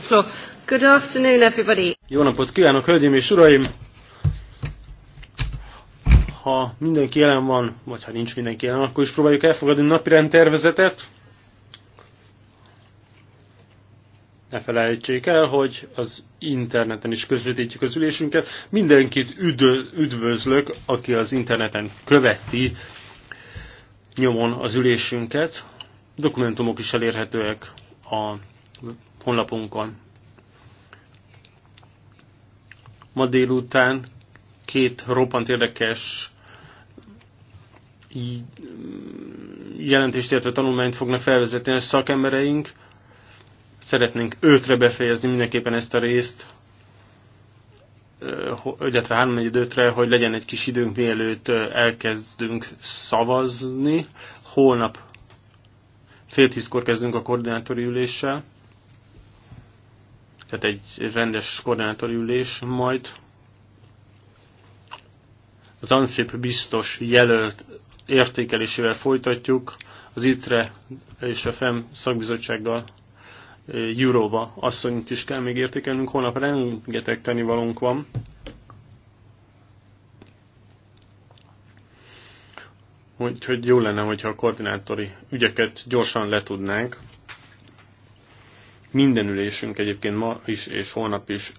the floor. Good afternoon, everybody. Jó napot kívánok, hölgyeim és uraim! Ha mindenki jelen van, vagy ha nincs mindenki jelen, akkor is próbáljuk elfogadni a napirend tervezetet. Ne felejtsék el, hogy az interneten is közvetítjük az ülésünket. Mindenkit üdvözlök, aki az interneten követi nyomon az ülésünket. Dokumentumok is elérhetőek a honlapunkon. Ma délután két roppant érdekes jelentést, illetve tanulmányt fognak felvezetni a szakembereink. Szeretnénk ötre befejezni mindenképpen ezt a részt, illetve 3 4 hogy legyen egy kis időnk, mielőtt elkezdünk szavazni. Holnap fél tízkor kezdünk a koordinátori üléssel tehát egy rendes koordinátori ülés, majd az ANSZIP biztos jelölt értékelésével folytatjuk, az ITRE és a FEM szakbizottsággal Euróba asszonyt is kell még értékelnünk, holnap rengeteg tennivalónk van. Úgyhogy jó lenne, hogyha a koordinátori ügyeket gyorsan letudnánk. Minden ülésünk egyébként ma is és holnap is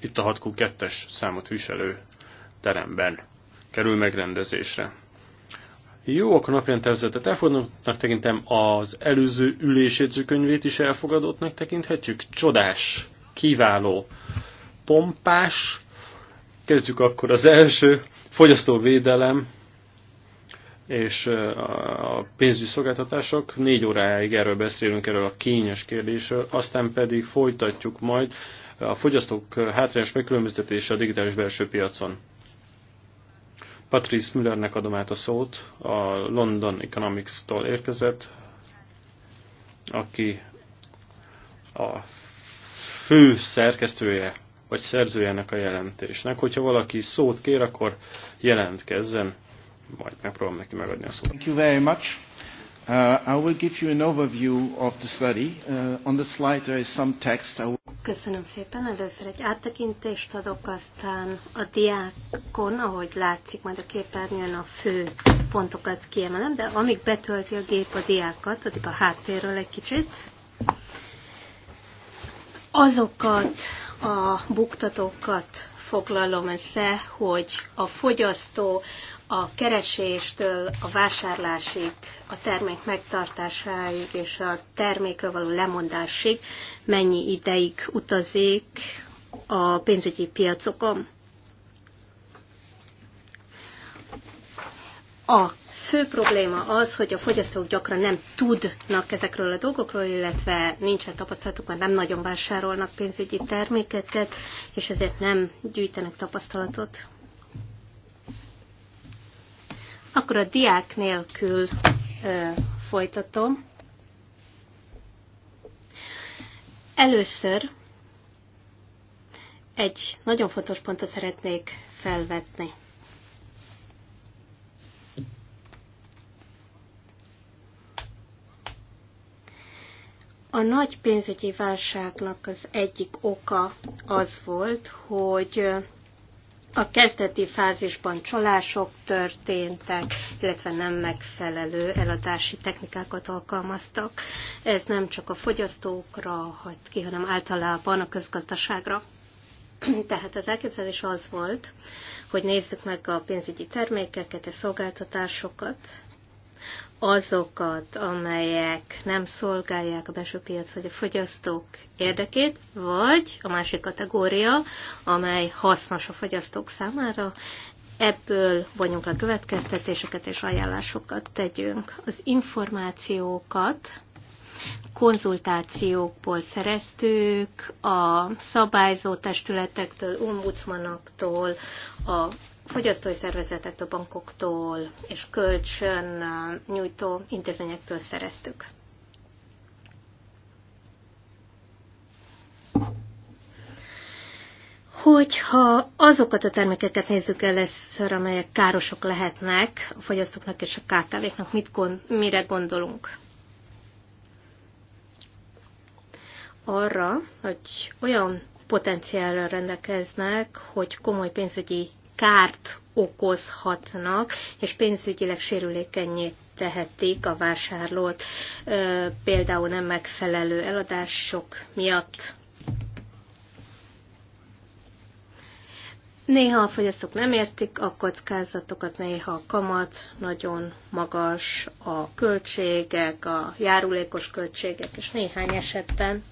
itt a 6Q2-es számot viselő teremben kerül megrendezésre. Jó, akkor napján tervezetet elfogadottnak tekintem, az előző ülésjegyzőkönyvét is elfogadottnak tekinthetjük. Csodás, kiváló, pompás. Kezdjük akkor az első, fogyasztóvédelem, és a pénzügyi szolgáltatások. Négy óráig erről beszélünk, erről a kényes kérdésről, aztán pedig folytatjuk majd a fogyasztók hátrányos megkülönböztetése a digitális belső piacon. Patrice Müllernek adom át a szót, a London Economics-tól érkezett, aki a fő szerkesztője vagy szerzője ennek a jelentésnek. Hogyha valaki szót kér, akkor jelentkezzen majd megpróbálom neki megadni a szót. Thank you very much. Uh, I will give you an overview of the study. Uh, on the slide there is some text. I will... Köszönöm szépen. Először egy áttekintést adok, aztán a diákon, ahogy látszik majd a képernyőn a fő pontokat kiemelem, de amíg betölti a gép a diákat, addig a háttérről egy kicsit. Azokat a buktatókat foglalom össze, hogy a fogyasztó, a kereséstől a vásárlásig, a termék megtartásáig és a termékről való lemondásig mennyi ideig utazik a pénzügyi piacokon. A fő probléma az, hogy a fogyasztók gyakran nem tudnak ezekről a dolgokról, illetve nincsen tapasztalatuk, mert nem nagyon vásárolnak pénzügyi termékeket, és ezért nem gyűjtenek tapasztalatot. Akkor a diák nélkül ö, folytatom. Először egy nagyon fontos pontot szeretnék felvetni. A nagy pénzügyi válságnak az egyik oka az volt, hogy a kezdeti fázisban csalások történtek, illetve nem megfelelő eladási technikákat alkalmaztak. Ez nem csak a fogyasztókra hat ki, hanem általában a közgazdaságra. Tehát az elképzelés az volt, hogy nézzük meg a pénzügyi termékeket és szolgáltatásokat, azokat, amelyek nem szolgálják a belső piac vagy a fogyasztók érdekét, vagy a másik kategória, amely hasznos a fogyasztók számára, ebből vonjunk a következtetéseket és ajánlásokat tegyünk. Az információkat konzultációkból szereztük, a szabályzó testületektől, ombudsmanoktól, a fogyasztói szervezetektől, bankoktól és kölcsön nyújtó intézményektől szereztük. Hogyha azokat a termékeket nézzük el először, amelyek károsok lehetnek a fogyasztóknak és a KKV-knak, mit gond, mire gondolunk? Arra, hogy olyan potenciállal rendelkeznek, hogy komoly pénzügyi kárt okozhatnak, és pénzügyileg sérülékenyét tehetik a vásárlót, például nem megfelelő eladások miatt. Néha a fogyasztók nem értik a kockázatokat, néha a kamat nagyon magas, a költségek, a járulékos költségek, és néhány esetben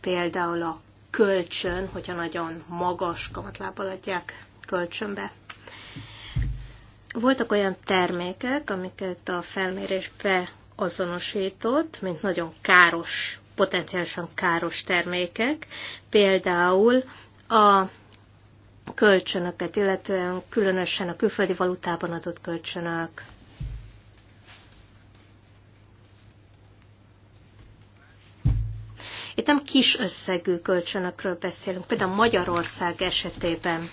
például a kölcsön, hogyha nagyon magas kamatlábbal adják kölcsönbe. Voltak olyan termékek, amiket a felmérés beazonosított, mint nagyon káros, potenciálisan káros termékek, például a kölcsönöket, illetően különösen a külföldi valutában adott kölcsönök, Itt nem kis összegű kölcsönökről beszélünk, például Magyarország esetében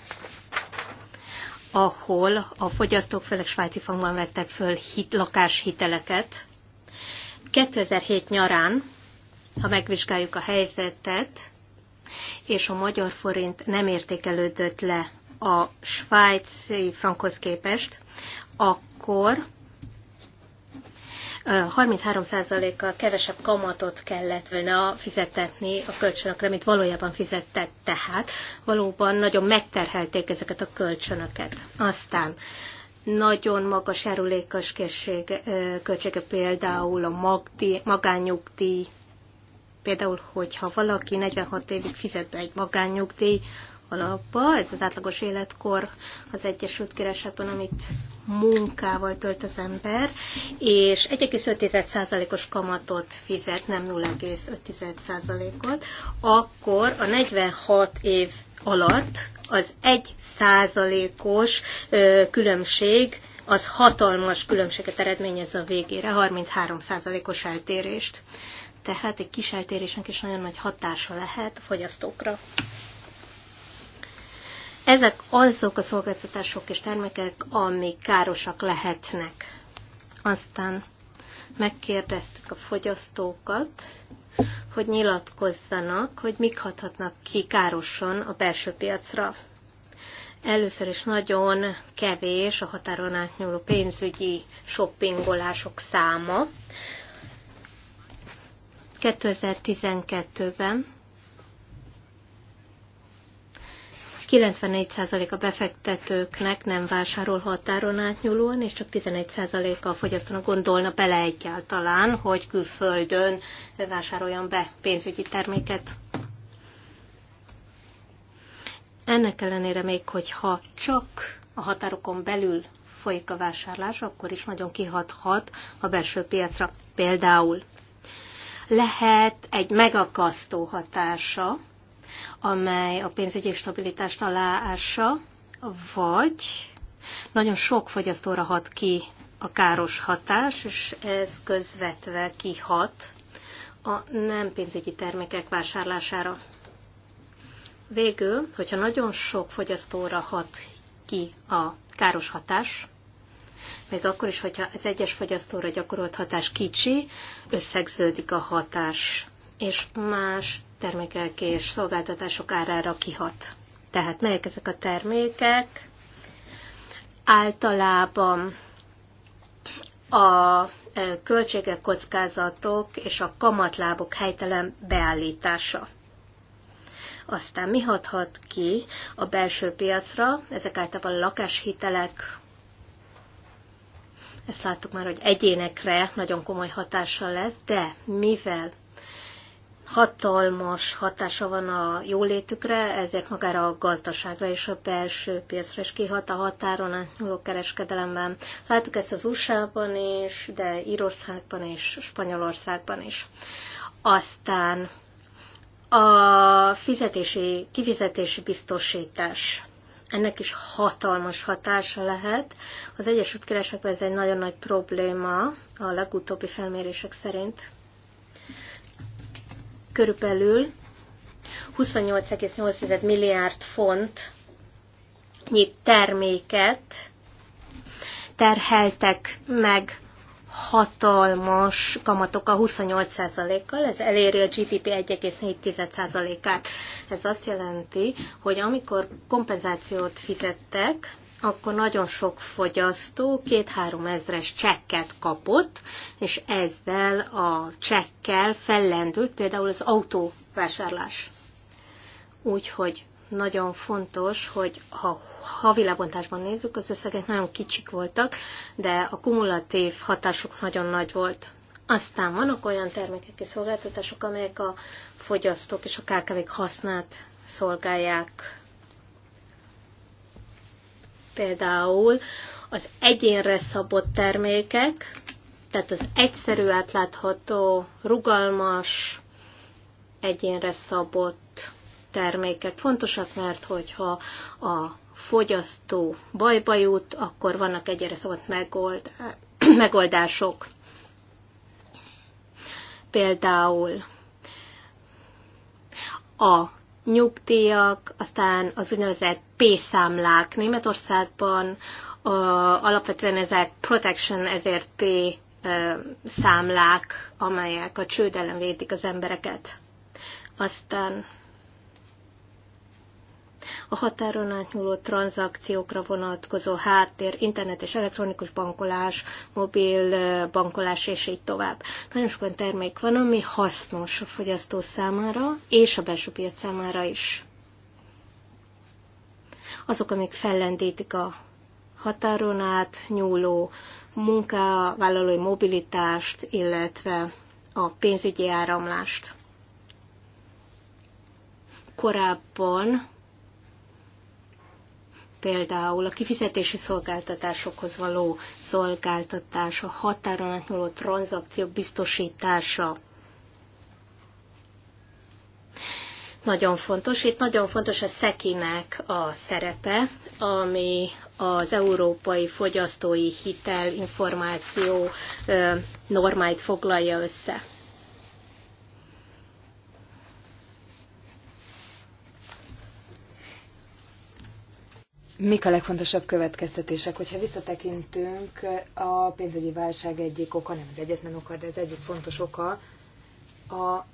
ahol a fogyasztók főleg svájci fangban vettek föl hit, lakáshiteleket. 2007 nyarán, ha megvizsgáljuk a helyzetet, és a magyar forint nem értékelődött le a svájci frankhoz képest, akkor 33%-kal kevesebb kamatot kellett volna fizetetni a kölcsönökre, mint valójában fizettek, tehát valóban nagyon megterhelték ezeket a kölcsönöket. Aztán nagyon magas járulékos költsége például a magdi, magányugdíj. például hogyha valaki 46 évig fizet be egy magányugdíj, alapba, ez az átlagos életkor az Egyesült Királyságban, amit munkával tölt az ember, és 1,5%-os kamatot fizet, nem 0,5%-ot, akkor a 46 év alatt az 1%-os különbség az hatalmas különbséget eredményez a végére, 33%-os eltérést. Tehát egy kis eltérésnek is nagyon nagy hatása lehet a fogyasztókra. Ezek azok a szolgáltatások és termékek, amik károsak lehetnek. Aztán megkérdeztük a fogyasztókat, hogy nyilatkozzanak, hogy mik hathatnak ki károsan a belső piacra. Először is nagyon kevés a határon átnyúló pénzügyi shoppingolások száma. 2012-ben 94% a befektetőknek nem vásárol határon átnyúlóan, és csak 11%-a a fogyasztónak gondolna bele egyáltalán, hogy külföldön vásároljon be pénzügyi terméket. Ennek ellenére még, hogyha csak a határokon belül folyik a vásárlás, akkor is nagyon kihathat a belső piacra. Például lehet egy megakasztó hatása amely a pénzügyi stabilitást aláássa, vagy nagyon sok fogyasztóra hat ki a káros hatás, és ez közvetve kihat a nem pénzügyi termékek vásárlására. Végül, hogyha nagyon sok fogyasztóra hat ki a káros hatás, még akkor is, hogyha az egyes fogyasztóra gyakorolt hatás kicsi, összegződik a hatás, és más termékek és szolgáltatások árára kihat. Tehát melyek ezek a termékek? Általában a e, költségek, kockázatok és a kamatlábok helytelen beállítása. Aztán mi hathat ki a belső piacra? Ezek általában a lakáshitelek, ezt láttuk már, hogy egyénekre nagyon komoly hatással lesz, de mivel hatalmas hatása van a jólétükre, ezért magára a gazdaságra és a belső piacra is kihat a határon átnyúló kereskedelemben. Láttuk ezt az USA-ban is, de Írországban és Spanyolországban is. Aztán a fizetési, kifizetési biztosítás. Ennek is hatalmas hatása lehet. Az Egyesült Királyságban ez egy nagyon nagy probléma a legutóbbi felmérések szerint körülbelül 28,8 milliárd font nyit terméket terheltek meg hatalmas kamatokkal 28%-kal, ez eléri a GDP 1,4%-át. Ez azt jelenti, hogy amikor kompenzációt fizettek, akkor nagyon sok fogyasztó két-három ezres csekket kapott, és ezzel a csekkel fellendült például az autóvásárlás. Úgyhogy nagyon fontos, hogy ha havi lebontásban nézzük, az összegek nagyon kicsik voltak, de a kumulatív hatásuk nagyon nagy volt. Aztán vannak olyan termékek és szolgáltatások, amelyek a fogyasztók és a kkv hasznát szolgálják például az egyénre szabott termékek, tehát az egyszerű, átlátható, rugalmas, egyénre szabott termékek fontosak, mert hogyha a fogyasztó bajba jut, akkor vannak egyre szabott megold, megoldások. Például a nyugdíjak, aztán az úgynevezett P-számlák Németországban, a, alapvetően ezek protection, ezért P számlák, amelyek a csőd ellen védik az embereket. Aztán a határon átnyúló tranzakciókra vonatkozó háttér, internet és elektronikus bankolás, mobil bankolás és így tovább. Nagyon sok olyan termék van, ami hasznos a fogyasztó számára és a belső piac számára is. Azok, amik fellendítik a határon át nyúló munkavállalói mobilitást, illetve a pénzügyi áramlást. Korábban például a kifizetési szolgáltatásokhoz való szolgáltatás a határon átnyúló tranzakciók biztosítása. Nagyon fontos. Itt nagyon fontos a szekinek a szerepe, ami az Európai Fogyasztói Hitel Információ normáit foglalja össze. Mik a legfontosabb következtetések? Hogyha visszatekintünk, a pénzügyi válság egyik oka, nem az egyetlen oka, de az egyik fontos oka, a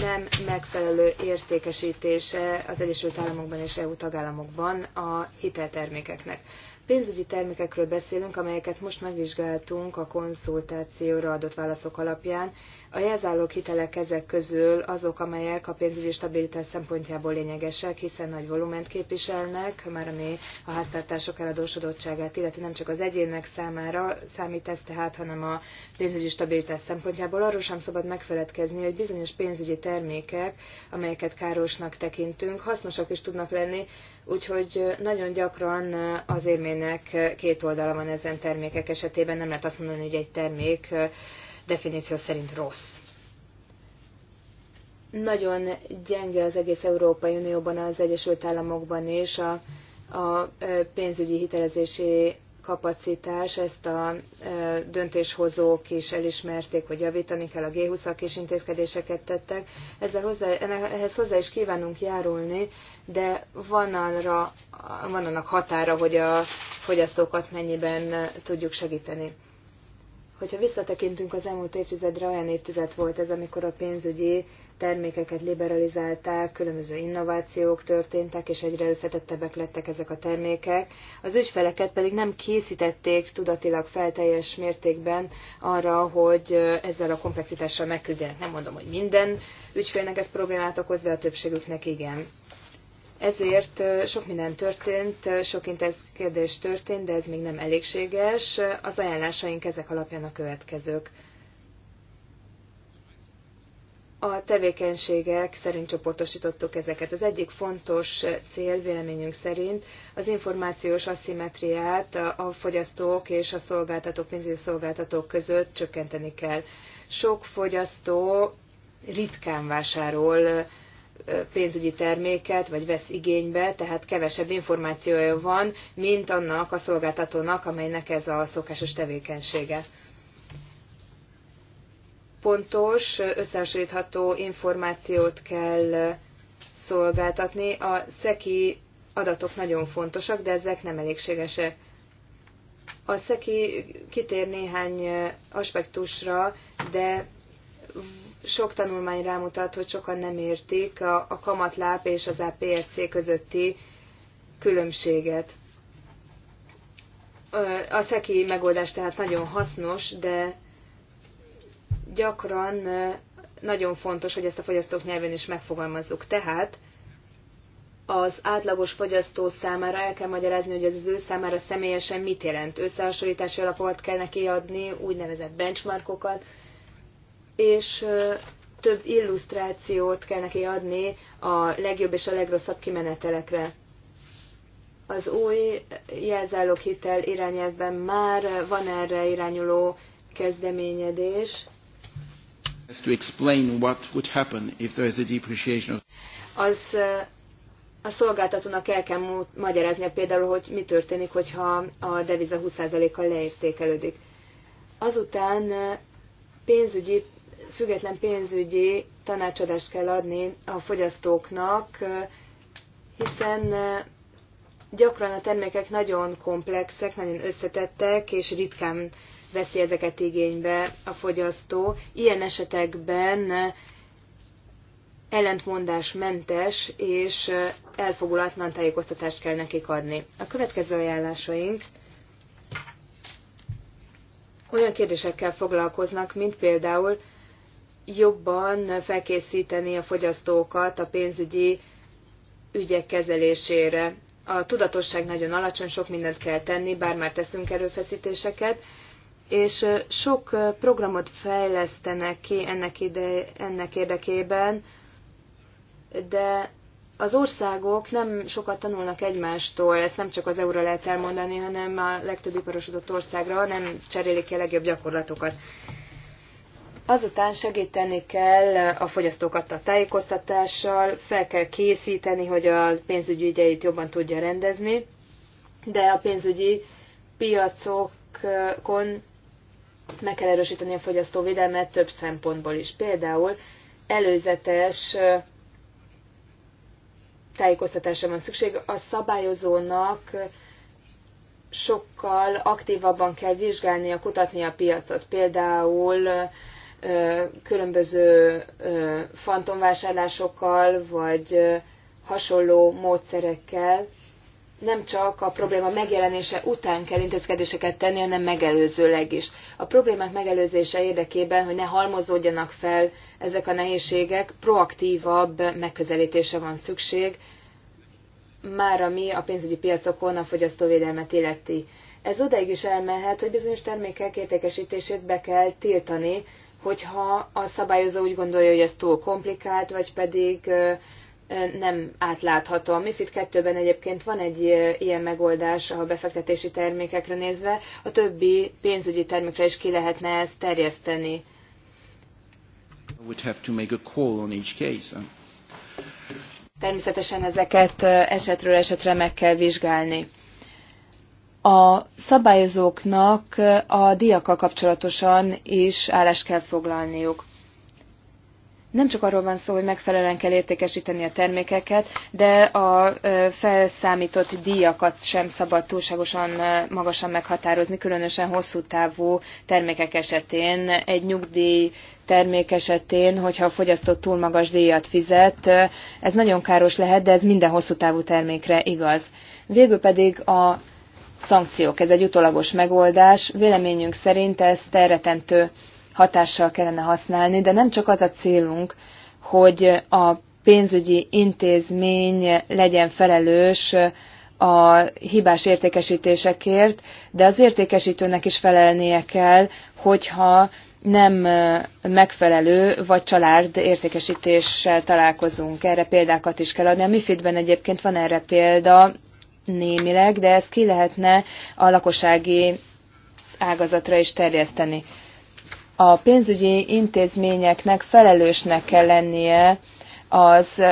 nem megfelelő értékesítése az Egyesült Államokban és EU tagállamokban a hiteltermékeknek. Pénzügyi termékekről beszélünk, amelyeket most megvizsgáltunk a konzultációra adott válaszok alapján, a jelzálók hitelek ezek közül azok, amelyek a pénzügyi stabilitás szempontjából lényegesek, hiszen nagy volument képviselnek, már ami a háztartások eladósodottságát illeti nem csak az egyének számára számít ez tehát, hanem a pénzügyi stabilitás szempontjából. Arról sem szabad megfeledkezni, hogy bizonyos pénzügyi termékek, amelyeket károsnak tekintünk, hasznosak is tudnak lenni, Úgyhogy nagyon gyakran az érmének két oldala van ezen termékek esetében, nem lehet azt mondani, hogy egy termék definíció szerint rossz. Nagyon gyenge az egész Európai Unióban, az Egyesült Államokban és a, a pénzügyi hitelezési kapacitás, ezt a döntéshozók is elismerték, hogy javítani kell, a G20-ak is intézkedéseket tettek. Ezzel hozzá, ehhez hozzá is kívánunk járulni, de van, arra, van annak határa, hogy a fogyasztókat mennyiben tudjuk segíteni. Hogyha visszatekintünk az elmúlt évtizedre, olyan évtized volt ez, amikor a pénzügyi termékeket liberalizálták, különböző innovációk történtek, és egyre összetettebbek lettek ezek a termékek. Az ügyfeleket pedig nem készítették tudatilag felteljes mértékben arra, hogy ezzel a komplexitással megküzdjenek. Nem mondom, hogy minden ügyfélnek ez problémát okoz, de a többségüknek igen. Ezért sok minden történt, sok intézkedés történt, de ez még nem elégséges. Az ajánlásaink ezek alapján a következők. A tevékenységek szerint csoportosítottuk ezeket. Az egyik fontos cél véleményünk szerint az információs aszimetriát a fogyasztók és a szolgáltatók, pénzügyi szolgáltatók között csökkenteni kell. Sok fogyasztó ritkán vásárol pénzügyi terméket, vagy vesz igénybe, tehát kevesebb információja van, mint annak a szolgáltatónak, amelynek ez a szokásos tevékenysége. Pontos, összehasonlítható információt kell szolgáltatni. A SZEKI adatok nagyon fontosak, de ezek nem elégségesek. A SZEKI kitér néhány aspektusra, de sok tanulmány rámutat, hogy sokan nem értik a, a kamatláb és az APRC közötti különbséget. A szeki megoldás tehát nagyon hasznos, de gyakran nagyon fontos, hogy ezt a fogyasztók nyelven is megfogalmazzuk. Tehát az átlagos fogyasztó számára el kell magyarázni, hogy ez az ő számára személyesen mit jelent. Összehasonlítási alapokat kell neki adni, úgynevezett benchmarkokat, és több illusztrációt kell neki adni a legjobb és a legrosszabb kimenetelekre. Az új jelzáloghitel irányelvben már van erre irányuló kezdeményedés. To explain what would happen if there is a depreciation. Az a szolgáltatónak el kell magyaráznia például, hogy mi történik, hogyha a deviza 20%-kal leértékelődik. Azután pénzügyi független pénzügyi tanácsadást kell adni a fogyasztóknak, hiszen gyakran a termékek nagyon komplexek, nagyon összetettek, és ritkán veszi ezeket igénybe a fogyasztó. Ilyen esetekben ellentmondásmentes és elfogulatlan tájékoztatást kell nekik adni. A következő ajánlásaink olyan kérdésekkel foglalkoznak, mint például jobban felkészíteni a fogyasztókat a pénzügyi ügyek kezelésére. A tudatosság nagyon alacsony, sok mindent kell tenni, bár már teszünk erőfeszítéseket, és sok programot fejlesztenek ki ennek, ide, ennek érdekében, de az országok nem sokat tanulnak egymástól, ezt nem csak az euróra lehet elmondani, hanem a legtöbb iparosodott országra nem cserélik ki a legjobb gyakorlatokat. Azután segíteni kell a fogyasztókat a tájékoztatással, fel kell készíteni, hogy a pénzügyi ügyeit jobban tudja rendezni, de a pénzügyi piacokon meg kell erősíteni a fogyasztóvédelmet több szempontból is. Például előzetes tájékoztatásra van szükség. A szabályozónak sokkal aktívabban kell vizsgálnia, kutatni a piacot. Például különböző fantomvásárlásokkal, vagy hasonló módszerekkel nem csak a probléma megjelenése után kell intézkedéseket tenni, hanem megelőzőleg is. A problémák megelőzése érdekében, hogy ne halmozódjanak fel ezek a nehézségek, proaktívabb megközelítése van szükség, már ami a pénzügyi piacokon a fogyasztóvédelmet illeti. Ez odaig is elmehet, hogy bizonyos termékek értékesítését be kell tiltani, hogyha a szabályozó úgy gondolja, hogy ez túl komplikált, vagy pedig nem átlátható. A MIFID 2-ben egyébként van egy ilyen megoldás a befektetési termékekre nézve, a többi pénzügyi termékre is ki lehetne ezt terjeszteni. Természetesen ezeket esetről esetre meg kell vizsgálni a szabályozóknak a diakkal kapcsolatosan is állást kell foglalniuk. Nem csak arról van szó, hogy megfelelően kell értékesíteni a termékeket, de a felszámított díjakat sem szabad túlságosan magasan meghatározni, különösen hosszú távú termékek esetén. Egy nyugdíj termék esetén, hogyha a fogyasztó túl magas díjat fizet, ez nagyon káros lehet, de ez minden hosszú távú termékre igaz. Végül pedig a szankciók. Ez egy utolagos megoldás. Véleményünk szerint ez terretentő hatással kellene használni, de nem csak az a célunk, hogy a pénzügyi intézmény legyen felelős a hibás értékesítésekért, de az értékesítőnek is felelnie kell, hogyha nem megfelelő vagy család értékesítéssel találkozunk. Erre példákat is kell adni. A MIFID-ben egyébként van erre példa, némileg, de ezt ki lehetne a lakossági ágazatra is terjeszteni. A pénzügyi intézményeknek felelősnek kell lennie az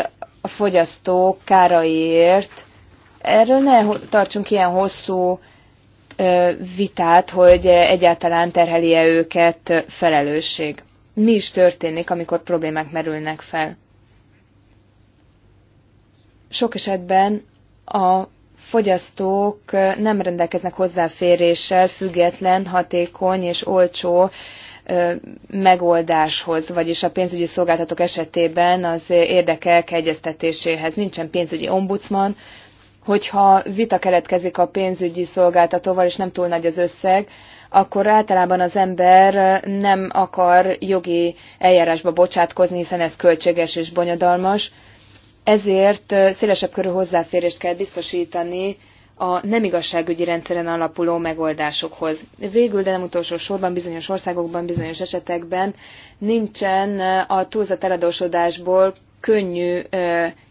a fogyasztók káraiért. Erről ne tartsunk ilyen hosszú vitát, hogy egyáltalán terheli-e őket felelősség. Mi is történik, amikor problémák merülnek fel? Sok esetben a fogyasztók nem rendelkeznek hozzáféréssel független, hatékony és olcsó megoldáshoz, vagyis a pénzügyi szolgáltatók esetében az érdekek egyeztetéséhez. Nincsen pénzügyi ombudsman, hogyha vita keletkezik a pénzügyi szolgáltatóval, és nem túl nagy az összeg, akkor általában az ember nem akar jogi eljárásba bocsátkozni, hiszen ez költséges és bonyodalmas, ezért szélesebb körű hozzáférést kell biztosítani a nem igazságügyi rendszeren alapuló megoldásokhoz. Végül, de nem utolsó sorban, bizonyos országokban, bizonyos esetekben nincsen a túlzott eladósodásból könnyű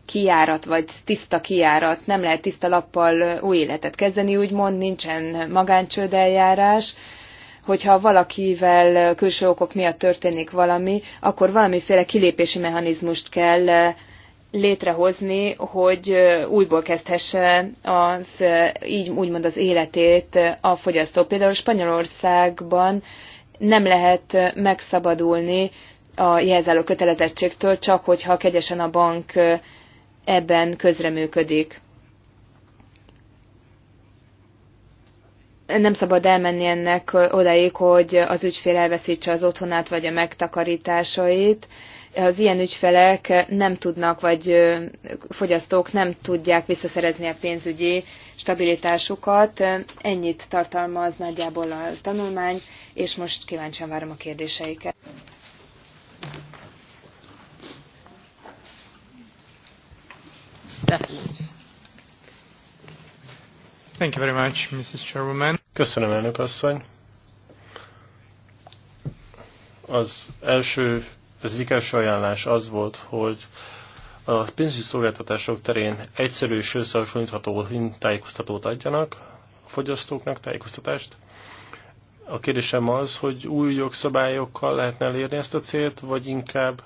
kiárat, vagy tiszta kiárat, nem lehet tiszta lappal új életet kezdeni, úgymond nincsen magáncsődeljárás, hogyha valakivel külső okok miatt történik valami, akkor valamiféle kilépési mechanizmust kell létrehozni, hogy újból kezdhesse az, így úgymond az életét a fogyasztó. Például Spanyolországban nem lehet megszabadulni a jelzáló kötelezettségtől, csak hogyha kegyesen a bank ebben közreműködik. nem szabad elmenni ennek odáig, hogy az ügyfél elveszítse az otthonát vagy a megtakarításait az ilyen ügyfelek nem tudnak, vagy fogyasztók nem tudják visszaszerezni a pénzügyi stabilitásukat. Ennyit tartalmaz nagyjából a tanulmány, és most kíváncsian várom a kérdéseiket. Thank you very much, Mrs. Chairwoman. Köszönöm, elnök asszony. Az első az egyik első ajánlás az volt, hogy a pénzügyi szolgáltatások terén egyszerű és összehasonlítható tájékoztatót adjanak a fogyasztóknak, tájékoztatást. A kérdésem az, hogy új jogszabályokkal lehetne elérni ezt a célt, vagy inkább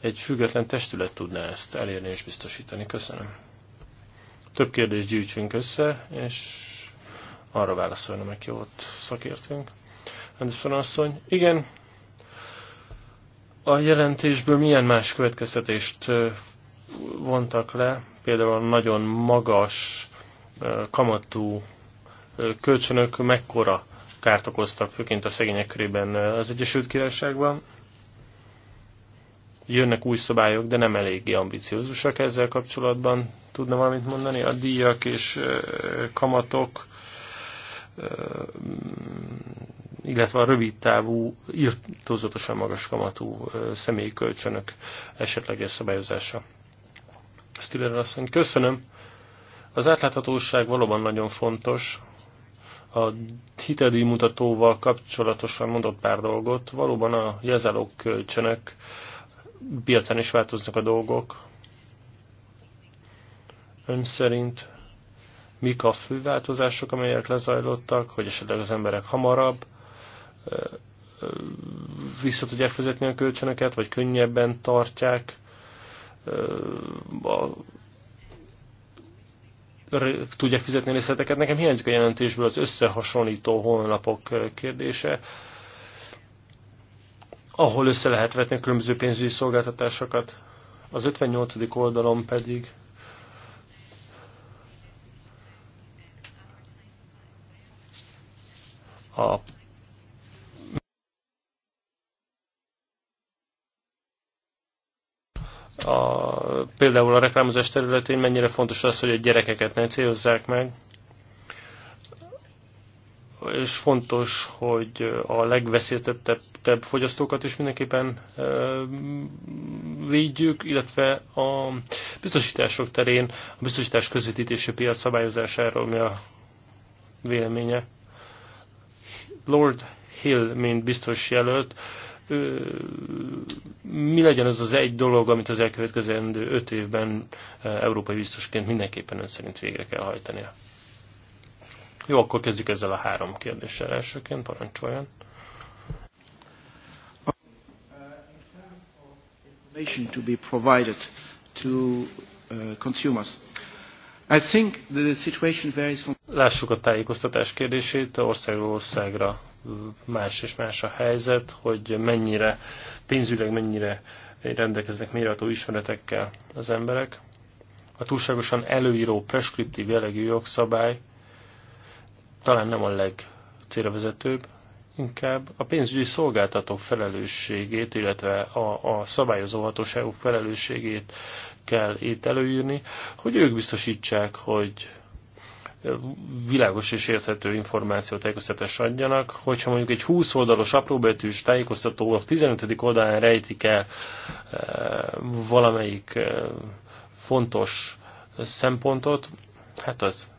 egy független testület tudná ezt elérni és biztosítani. Köszönöm. Több kérdést gyűjtsünk össze, és arra válaszolna meg jót szakértünk. Anderson asszony, igen, a jelentésből milyen más következtetést vontak le, például a nagyon magas kamatú kölcsönök mekkora kárt okoztak, főként a szegények körében az Egyesült Királyságban. Jönnek új szabályok, de nem eléggé ambiciózusak ezzel kapcsolatban. Tudna valamit mondani? A díjak és kamatok illetve a rövid távú, írtózatosan magas kamatú személyi kölcsönök esetleges szabályozása. Stiller asszony, köszönöm. Az átláthatóság valóban nagyon fontos. A mutatóval kapcsolatosan mondott pár dolgot. Valóban a jezelók kölcsönök piacán is változnak a dolgok. Ön szerint mik a fő változások, amelyek lezajlottak, hogy esetleg az emberek hamarabb vissza tudják fizetni a kölcsönöket, vagy könnyebben tartják a tudják fizetni a részleteket. Nekem hiányzik a jelentésből az összehasonlító honlapok kérdése, ahol össze lehet vetni a különböző pénzügyi szolgáltatásokat. Az 58. oldalon pedig a a, például a reklámozás területén mennyire fontos az, hogy a gyerekeket ne célozzák meg, és fontos, hogy a legveszélyeztettebb fogyasztókat is mindenképpen védjük, illetve a biztosítások terén a biztosítás közvetítési piac szabályozásáról mi a véleménye. Lord Hill, mint biztos jelölt, mi legyen az az egy dolog, amit az elkövetkezendő öt évben európai biztosként mindenképpen ön szerint végre kell hajtania? Jó, akkor kezdjük ezzel a három kérdéssel elsőként, parancsoljon. information to be provided to uh, consumers. I think the situation varies from Lássuk a tájékoztatás kérdését, országról országra más és más a helyzet, hogy mennyire, pénzügyileg mennyire rendelkeznek mérható ismeretekkel az emberek. A túlságosan előíró, preskriptív jellegű jogszabály talán nem a legcélra vezetőbb, inkább a pénzügyi szolgáltatók felelősségét, illetve a, a szabályozó hatóságok felelősségét kell itt előírni, hogy ők biztosítsák, hogy világos és érthető információ tájékoztatást adjanak. Hogyha mondjuk egy 20 oldalos apróbetűs tájékoztató a 15. oldalán rejtik el e, valamelyik e, fontos szempontot, hát az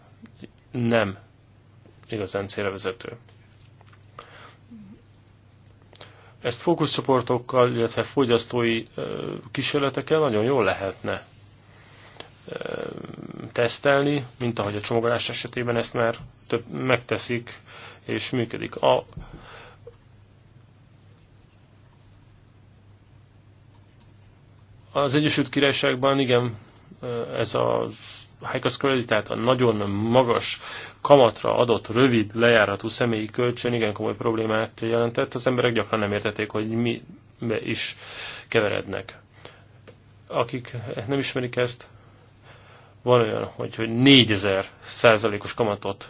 nem igazán célvezető. Ezt fókuszcsoportokkal, illetve fogyasztói e, kísérletekkel nagyon jól lehetne tesztelni, mint ahogy a csomagolás esetében ezt már több megteszik és működik. A, az Egyesült Királyságban igen, ez a Hikers Credit, tehát a nagyon magas kamatra adott rövid lejáratú személyi kölcsön igen komoly problémát jelentett. Az emberek gyakran nem értették, hogy mi is keverednek. Akik nem ismerik ezt, van olyan, hogy, hogy 4000 százalékos kamatot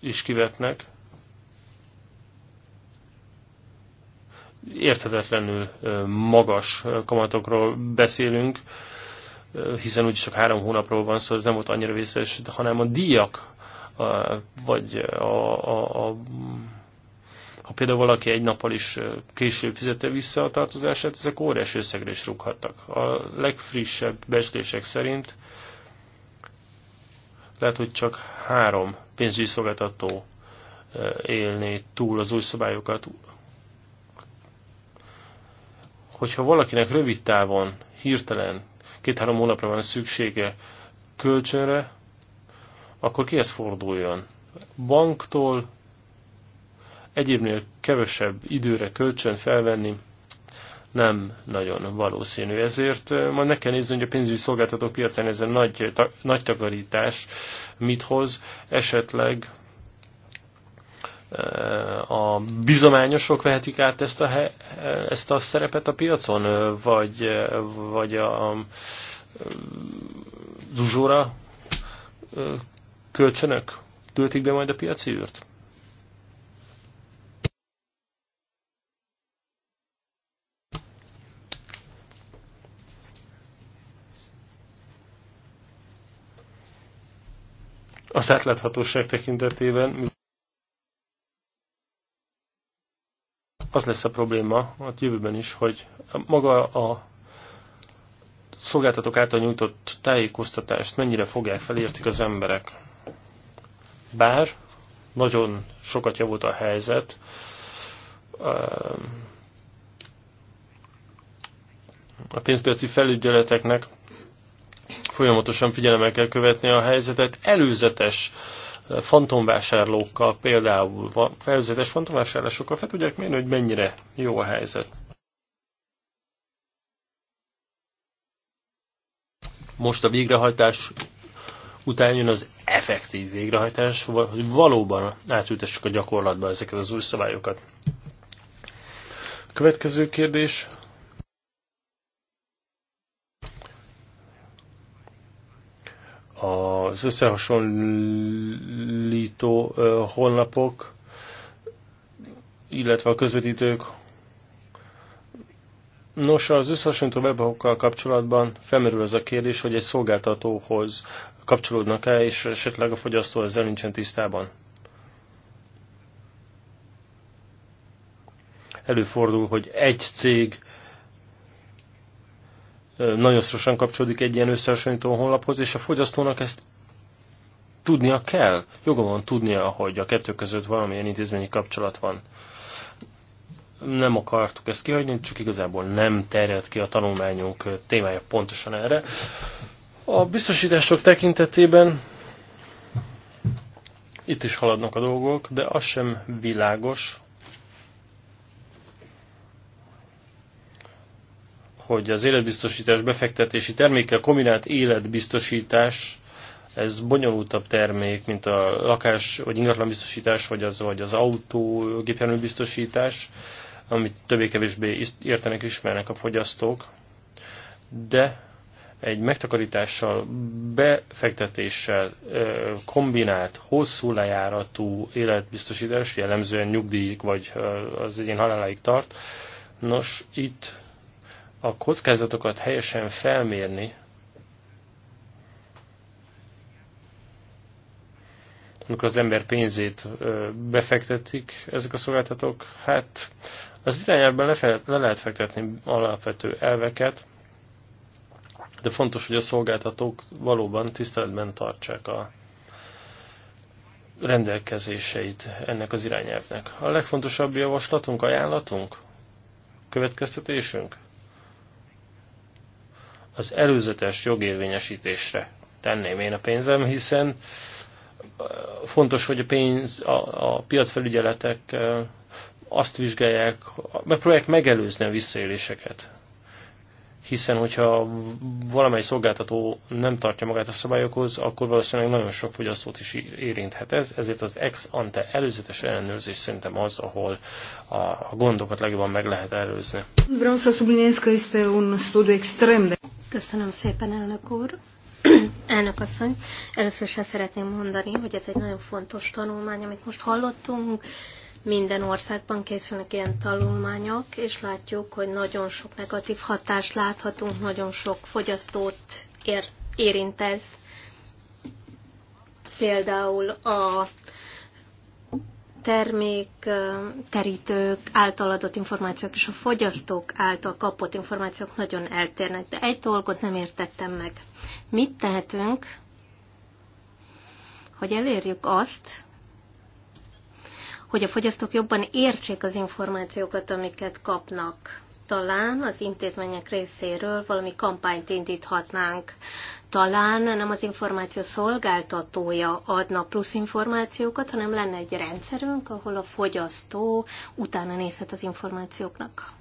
is kivetnek. Érthetetlenül magas kamatokról beszélünk, hiszen úgyis csak három hónapról van szó, szóval ez nem volt annyira vészes, hanem a díjak, vagy a, a, a ha például valaki egy nappal is később fizette vissza a tartozását, ezek óriási összegre is rúghattak. A legfrissebb becslések szerint lehet, hogy csak három pénzügyi szolgáltató élné túl az új szabályokat. Hogyha valakinek rövid távon, hirtelen, két-három hónapra van szüksége kölcsönre, akkor kihez forduljon? Banktól, egyébnél kevesebb időre kölcsön felvenni nem nagyon valószínű. Ezért eh, majd meg kell nézni, hogy a pénzügyi szolgáltató piacán ez a nagy, ta, nagy takarítás mit hoz, esetleg eh, a bizományosok vehetik át ezt a, eh, ezt a szerepet a piacon, vagy, vagy a, a zuzsóra kölcsönök töltik be majd a piaci űrt? az átláthatóság tekintetében az lesz a probléma a jövőben is, hogy maga a szolgáltatók által nyújtott tájékoztatást mennyire fogják felértik az emberek. Bár nagyon sokat javult a helyzet, um, a pénzpiaci felügyeleteknek folyamatosan figyelemmel kell követni a helyzetet. Előzetes eh, fantomvásárlókkal például, előzetes fantomvásárlásokkal fel tudják mérni, hogy mennyire jó a helyzet. Most a végrehajtás után jön az effektív végrehajtás, hogy valóban átültessük a gyakorlatba ezeket az új szabályokat. Következő kérdés, az összehasonlító honlapok, illetve a közvetítők. Nos, az összehasonlító webhokkal kapcsolatban felmerül az a kérdés, hogy egy szolgáltatóhoz kapcsolódnak-e, és esetleg a fogyasztó ezzel nincsen tisztában. Előfordul, hogy egy cég nagyon szorosan kapcsolódik egy ilyen összehasonlító honlaphoz, és a fogyasztónak ezt tudnia kell. Joga van tudnia, hogy a kettő között valamilyen intézményi kapcsolat van. Nem akartuk ezt kihagyni, csak igazából nem terjed ki a tanulmányunk témája pontosan erre. A biztosítások tekintetében itt is haladnak a dolgok, de az sem világos, hogy az életbiztosítás befektetési a kombinált életbiztosítás ez bonyolultabb termék, mint a lakás vagy ingatlanbiztosítás, vagy az, vagy az autó gépjárműbiztosítás, amit többé-kevésbé értenek, ismernek a fogyasztók. De egy megtakarítással, befektetéssel kombinált, hosszú lejáratú életbiztosítás, jellemzően nyugdíjig vagy az egyén haláláig tart, nos, itt a kockázatokat helyesen felmérni, amikor az ember pénzét befektetik ezek a szolgáltatók, hát az irányában le, lehet fektetni alapvető elveket, de fontos, hogy a szolgáltatók valóban tiszteletben tartsák a rendelkezéseit ennek az irányelvnek. A legfontosabb javaslatunk, ajánlatunk, következtetésünk? az előzetes jogérvényesítésre tenném én a pénzem, hiszen fontos, hogy a pénz, a, a piacfelügyeletek azt vizsgálják, megpróbálják megelőzni a visszaéléseket. Hiszen, hogyha valamely szolgáltató nem tartja magát a szabályokhoz, akkor valószínűleg nagyon sok fogyasztót is érinthet ez, ezért az ex ante előzetes ellenőrzés szerintem az, ahol a, a gondokat legjobban meg lehet előzni. Köszönöm szépen, elnök úr. Elnök asszony, először sem szeretném mondani, hogy ez egy nagyon fontos tanulmány, amit most hallottunk. Minden országban készülnek ilyen tanulmányok, és látjuk, hogy nagyon sok negatív hatást láthatunk, nagyon sok fogyasztót ér, érint ez. Például a termék terítők által adott információk és a fogyasztók által kapott információk nagyon eltérnek, de egy dolgot nem értettem meg. Mit tehetünk, hogy elérjük azt, hogy a fogyasztók jobban értsék az információkat, amiket kapnak. Talán az intézmények részéről valami kampányt indíthatnánk talán nem az információ szolgáltatója adna plusz információkat, hanem lenne egy rendszerünk, ahol a fogyasztó utána nézhet az információknak.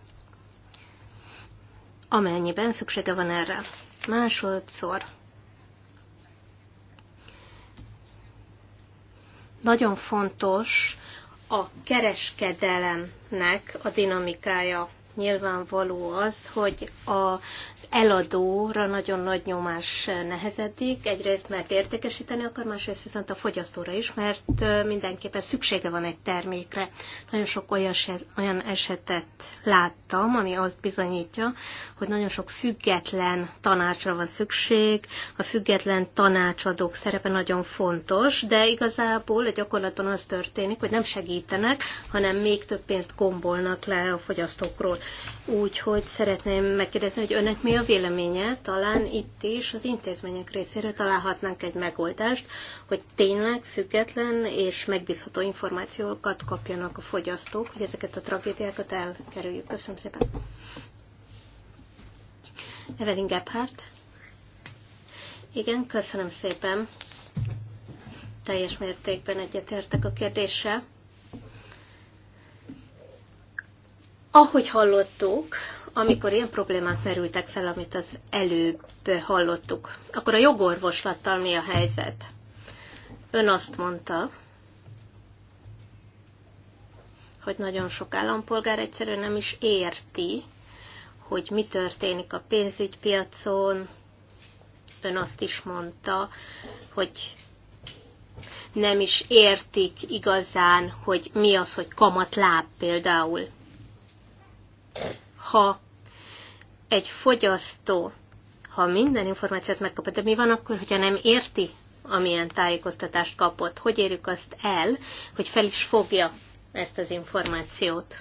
Amennyiben szüksége van erre. Másodszor. Nagyon fontos a kereskedelemnek a dinamikája nyilvánvaló az, hogy az eladóra nagyon nagy nyomás nehezedik, egyrészt mert értékesíteni akar, másrészt viszont a fogyasztóra is, mert mindenképpen szüksége van egy termékre. Nagyon sok olyan esetet láttam, ami azt bizonyítja, hogy nagyon sok független tanácsra van szükség, a független tanácsadók szerepe nagyon fontos, de igazából a gyakorlatban az történik, hogy nem segítenek, hanem még több pénzt gombolnak le a fogyasztókról. Úgyhogy szeretném megkérdezni, hogy önnek mi a véleménye? Talán itt is az intézmények részéről találhatnánk egy megoldást, hogy tényleg független és megbízható információkat kapjanak a fogyasztók, hogy ezeket a tragédiákat elkerüljük. Köszönöm szépen. Evelyn Gebhardt. Igen, köszönöm szépen. Teljes mértékben egyetértek a kérdéssel Ahogy hallottuk, amikor ilyen problémák merültek fel, amit az előbb hallottuk, akkor a jogorvoslattal mi a helyzet? Ön azt mondta, hogy nagyon sok állampolgár egyszerűen nem is érti, hogy mi történik a pénzügypiacon. Ön azt is mondta, hogy nem is értik igazán, hogy mi az, hogy kamatláb például ha egy fogyasztó, ha minden információt megkap, de mi van akkor, hogyha nem érti, amilyen tájékoztatást kapott? Hogy érjük azt el, hogy fel is fogja ezt az információt?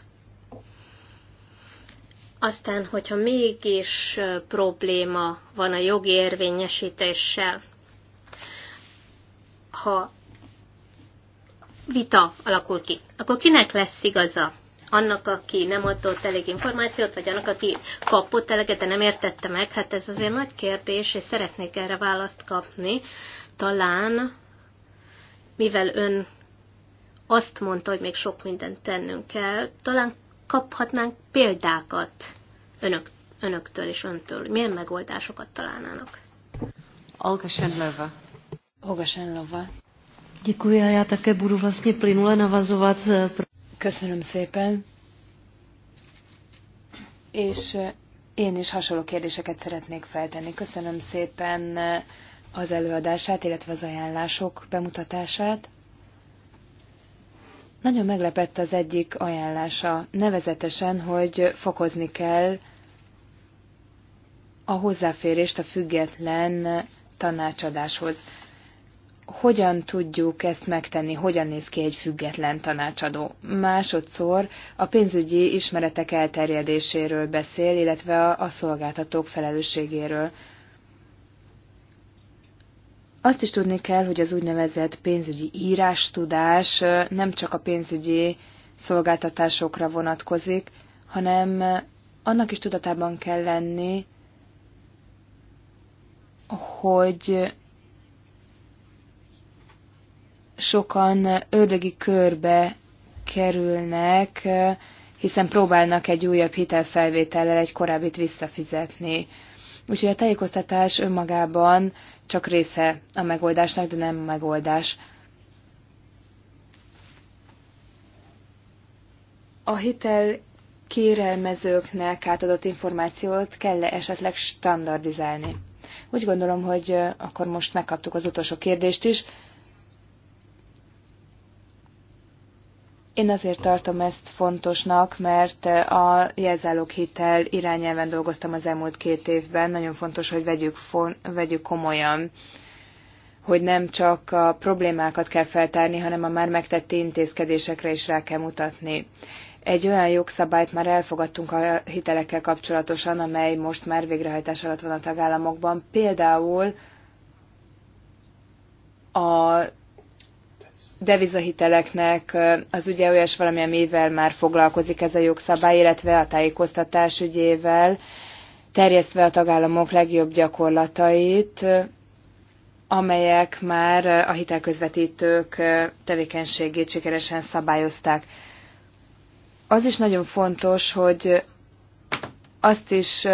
Aztán, hogyha mégis probléma van a jogi érvényesítéssel, ha vita alakul ki, akkor kinek lesz igaza? annak, aki nem adott elég információt, vagy annak, aki kapott eleget, de nem értette meg, hát ez azért nagy kérdés, és szeretnék erre választ kapni. Talán, mivel ön azt mondta, hogy még sok mindent tennünk kell, talán kaphatnánk példákat önök, önöktől és öntől, milyen megoldásokat találnának. Olga Sendlova. Olga Sendlova. Děkuji a já také budu vlastně plynule navazovat. Eh, Köszönöm szépen. És eh, én is hasonló kérdéseket szeretnék feltenni. Köszönöm szépen eh, az előadását, illetve az ajánlások bemutatását. Nagyon meglepett az egyik ajánlása, nevezetesen, hogy fokozni kell a hozzáférést a független eh, tanácsadáshoz hogyan tudjuk ezt megtenni, hogyan néz ki egy független tanácsadó. Másodszor a pénzügyi ismeretek elterjedéséről beszél, illetve a szolgáltatók felelősségéről. Azt is tudni kell, hogy az úgynevezett pénzügyi írástudás nem csak a pénzügyi szolgáltatásokra vonatkozik, hanem annak is tudatában kell lenni, hogy sokan ördögi körbe kerülnek, hiszen próbálnak egy újabb hitelfelvétellel egy korábbit visszafizetni. Úgyhogy a tájékoztatás önmagában csak része a megoldásnak, de nem megoldás. A hitel kérelmezőknek átadott információt kell -e esetleg standardizálni? Úgy gondolom, hogy akkor most megkaptuk az utolsó kérdést is. Én azért tartom ezt fontosnak, mert a jelzálók hitel irányelven dolgoztam az elmúlt két évben. Nagyon fontos, hogy vegyük, fon- vegyük komolyan, hogy nem csak a problémákat kell feltárni, hanem a már megtett intézkedésekre is rá kell mutatni. Egy olyan jogszabályt már elfogadtunk a hitelekkel kapcsolatosan, amely most már végrehajtás alatt van a tagállamokban. Például a devizahiteleknek az ugye olyas valami, amivel már foglalkozik ez a jogszabály, illetve a tájékoztatás ügyével, terjesztve a tagállamok legjobb gyakorlatait, amelyek már a hitelközvetítők tevékenységét sikeresen szabályozták. Az is nagyon fontos, hogy azt is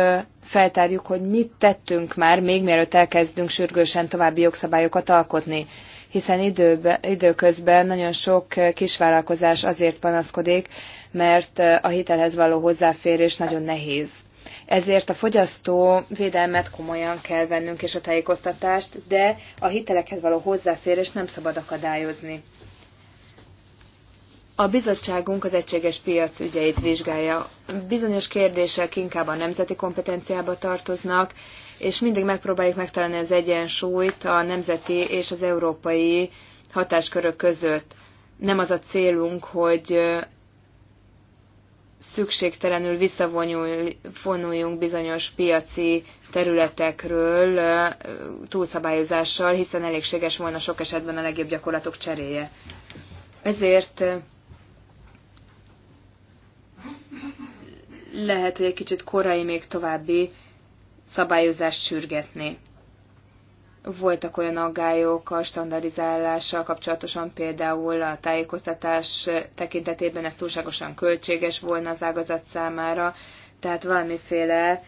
feltárjuk, hogy mit tettünk már, még mielőtt elkezdünk sürgősen további jogszabályokat alkotni hiszen időközben nagyon sok eh, kisvállalkozás azért panaszkodik, mert eh, a hitelhez való hozzáférés nagyon nehéz. Ezért a fogyasztó védelmet komolyan kell vennünk, és a tájékoztatást, de a hitelekhez való hozzáférés nem szabad akadályozni. A bizottságunk az egységes piac ügyeit vizsgálja. Bizonyos kérdések inkább a nemzeti kompetenciába tartoznak, és mindig megpróbáljuk megtalálni az egyensúlyt a nemzeti és az európai hatáskörök között. Nem az a célunk, hogy szükségtelenül visszavonuljunk bizonyos piaci területekről túlszabályozással, hiszen elégséges volna sok esetben a legjobb gyakorlatok cseréje. Ezért lehet, hogy egy kicsit korai még további szabályozást sürgetni. Voltak olyan aggályok a standardizálással kapcsolatosan, például a tájékoztatás tekintetében ez túlságosan költséges volna az ágazat számára, tehát valamiféle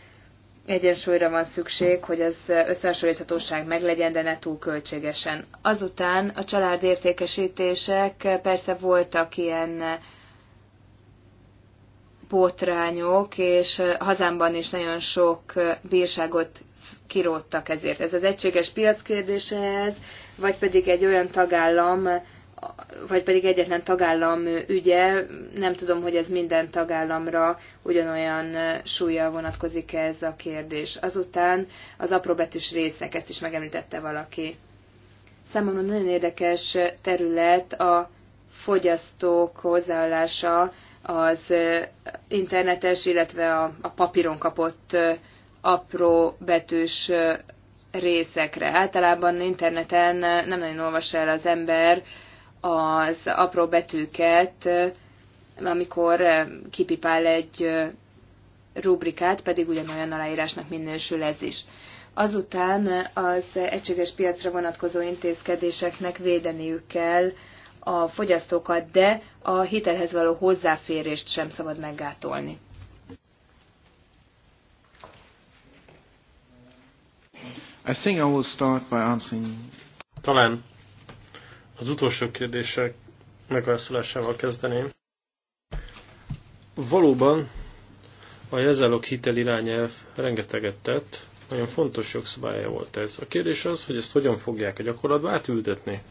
egyensúlyra van szükség, hogy az összehasonlíthatóság meglegyen, de ne túl költségesen. Azután a család értékesítések, persze voltak ilyen botrányok, és hazámban is nagyon sok bírságot kiróttak ezért. Ez az egységes piac kérdése ez, vagy pedig egy olyan tagállam, vagy pedig egyetlen tagállam ügye, nem tudom, hogy ez minden tagállamra ugyanolyan súlyjal vonatkozik -e ez a kérdés. Azután az apróbetűs részek, ezt is megemlítette valaki. Számomra nagyon érdekes terület a fogyasztók hozzáállása az internetes, illetve a, a papíron kapott apró betűs részekre. Általában interneten nem nagyon olvas el az ember az apró betűket, amikor kipipál egy rubrikát, pedig ugyanolyan aláírásnak minősül ez is. Azután az egységes piacra vonatkozó intézkedéseknek védeniük kell a fogyasztókat, de a hitelhez való hozzáférést sem szabad meggátolni. I think I will start by answering... Talán az utolsó kérdések megválaszolásával kezdeném. Valóban a jezelok hitel irányelv rengeteget tett, nagyon fontos jogszabálya volt ez. A kérdés az, hogy ezt hogyan fogják a gyakorlatba átültetni.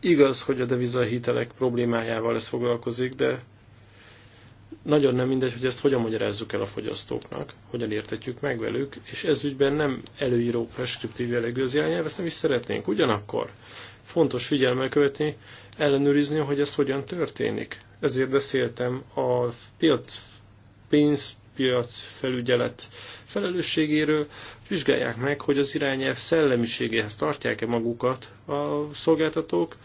Igaz, hogy a devizahitelek problémájával ez foglalkozik, de nagyon nem mindegy, hogy ezt hogyan magyarázzuk el a fogyasztóknak, hogyan értetjük meg velük, és ez ügyben nem előíró preskriptív jellegű az irányelv, ezt nem is szeretnénk. Ugyanakkor fontos figyelme követni, ellenőrizni, hogy ez hogyan történik. Ezért beszéltem a piac pénz piac felügyelet felelősségéről, vizsgálják meg, hogy az irányelv szellemiségéhez tartják-e magukat a szolgáltatók.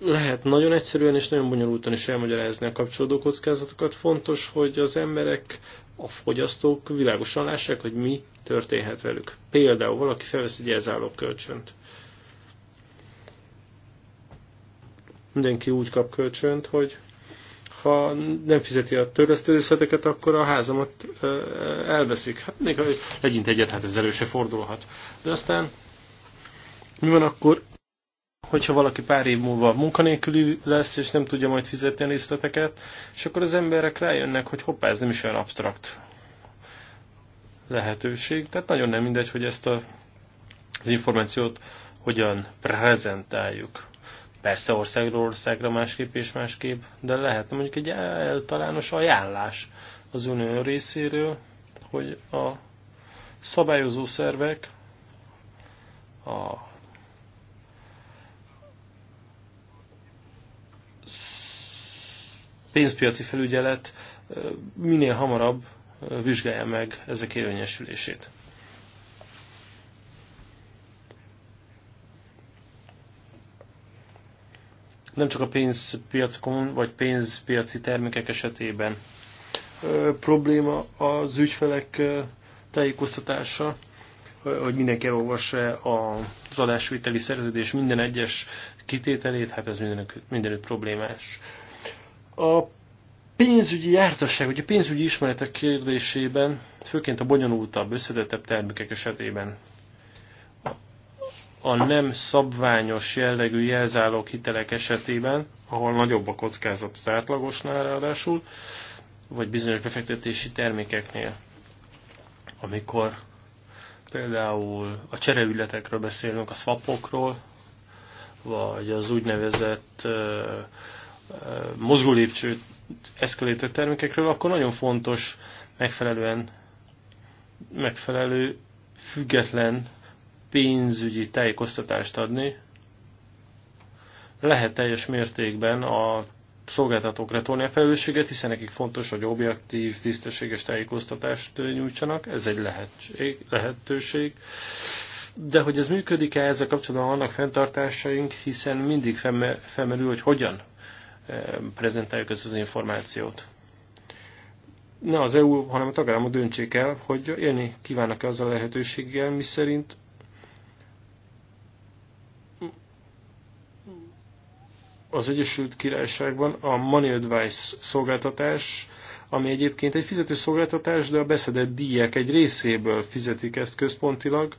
Lehet nagyon egyszerűen és nagyon bonyolultan is elmagyarázni a kapcsolódó kockázatokat. Fontos, hogy az emberek, a fogyasztók világosan lássák, hogy mi történhet velük. Például valaki felvesz egy elzálló kölcsönt. Mindenki úgy kap kölcsönt, hogy ha nem fizeti a törlesztőzésleteket, akkor a házamat elveszik. Hát még ha legyint egyet, hát ez előse se fordulhat. De aztán mi van akkor, hogyha valaki pár év múlva munkanélküli lesz, és nem tudja majd fizetni a részleteket, és akkor az emberek rájönnek, hogy hoppá, ez nem is olyan absztrakt lehetőség. Tehát nagyon nem mindegy, hogy ezt a, az információt hogyan prezentáljuk. Persze országról országra másképp és másképp, de lehet, mondjuk egy általános ajánlás az unió részéről, hogy a szabályozó szervek, a pénzpiaci felügyelet minél hamarabb vizsgálja meg ezek érvényesülését. nem csak a pénzpiacokon vagy pénzpiaci termékek esetében probléma az ügyfelek tájékoztatása, hogy mindenki elolvassa az adásvételi szerződés minden egyes kitételét, hát ez mindenütt, mindenütt problémás. A pénzügyi jártasság, vagy a pénzügyi ismeretek kérdésében, főként a bonyolultabb, összetettebb termékek esetében a nem szabványos jellegű jelzálók hitelek esetében, ahol nagyobb a kockázat az átlagosnál ráadásul, vagy bizonyos befektetési termékeknél, amikor például a csereügyletekről beszélünk, a swapokról, vagy az úgynevezett mozgólépcső eszkelétő termékekről, akkor nagyon fontos megfelelően megfelelő független pénzügyi tájékoztatást adni, lehet teljes mértékben a szolgáltatókra tolni a felelősséget, hiszen nekik fontos, hogy objektív, tisztességes tájékoztatást nyújtsanak, ez egy lehetség, lehetőség. De hogy ez működik-e, ezzel kapcsolatban vannak fenntartásaink, hiszen mindig felmerül, hogy hogyan eh, prezentáljuk ezt az információt. Ne az EU, hanem a tagállamok döntsék el, hogy élni kívánnak-e azzal a lehetőséggel, miszerint az Egyesült Királyságban a Money Advice szolgáltatás, ami egyébként egy fizetős szolgáltatás, de a beszedett díjak egy részéből fizetik ezt központilag,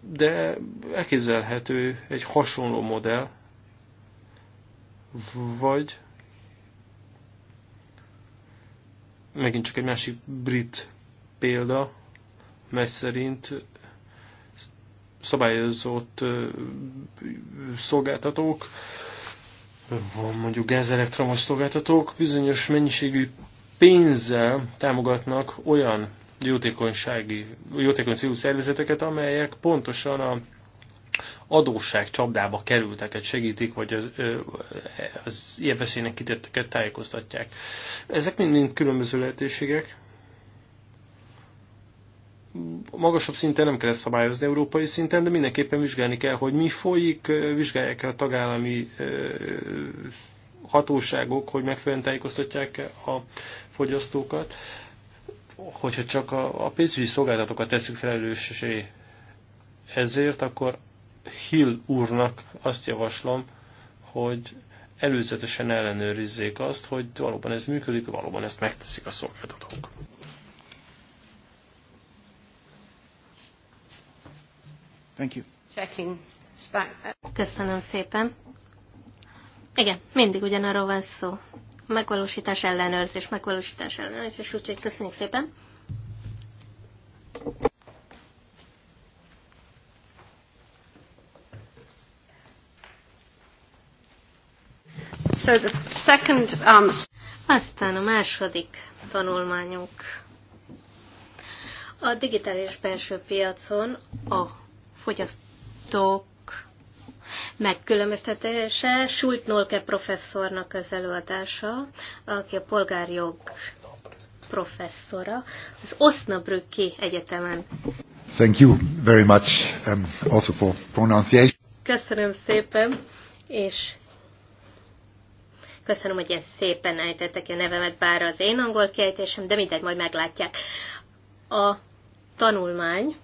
de elképzelhető egy hasonló modell, vagy megint csak egy másik brit példa, mely szerint szabályozott szolgáltatók, mondjuk gázelektromos szolgáltatók bizonyos mennyiségű pénzzel támogatnak olyan jótékonysági, jótékony célú szervezeteket, amelyek pontosan a adósság csapdába kerülteket segítik, vagy az, az ilyen veszélynek kitetteket tájékoztatják. Ezek mind-mind különböző lehetőségek magasabb szinten nem kell ezt szabályozni európai szinten, de mindenképpen vizsgálni kell, hogy mi folyik, vizsgálják a tagállami hatóságok, hogy megfelelően tájékoztatják a fogyasztókat. Hogyha csak a pénzügyi szolgáltatókat teszük felelőssé ezért, akkor Hill úrnak azt javaslom, hogy előzetesen ellenőrizzék azt, hogy valóban ez működik, valóban ezt megteszik a szolgáltatók. Thank you. Checking. Köszönöm szépen. Igen, mindig ugyanarról van szó. Megvalósítás ellenőrzés, megvalósítás ellenőrzés, úgyhogy köszönjük szépen. So the second, um... Aztán a második tanulmányunk. A digitális belső piacon a fogyasztók megkülönböztetése. Sult Nolke professzornak az előadása, aki a polgárjog professzora az Osnabrücki Egyetemen. Thank you very much um, also for pronunciation. Köszönöm szépen, és köszönöm, hogy ilyen szépen ejtettek a nevemet, bár az én angol kiejtésem, de mindegy, majd meglátják. A tanulmány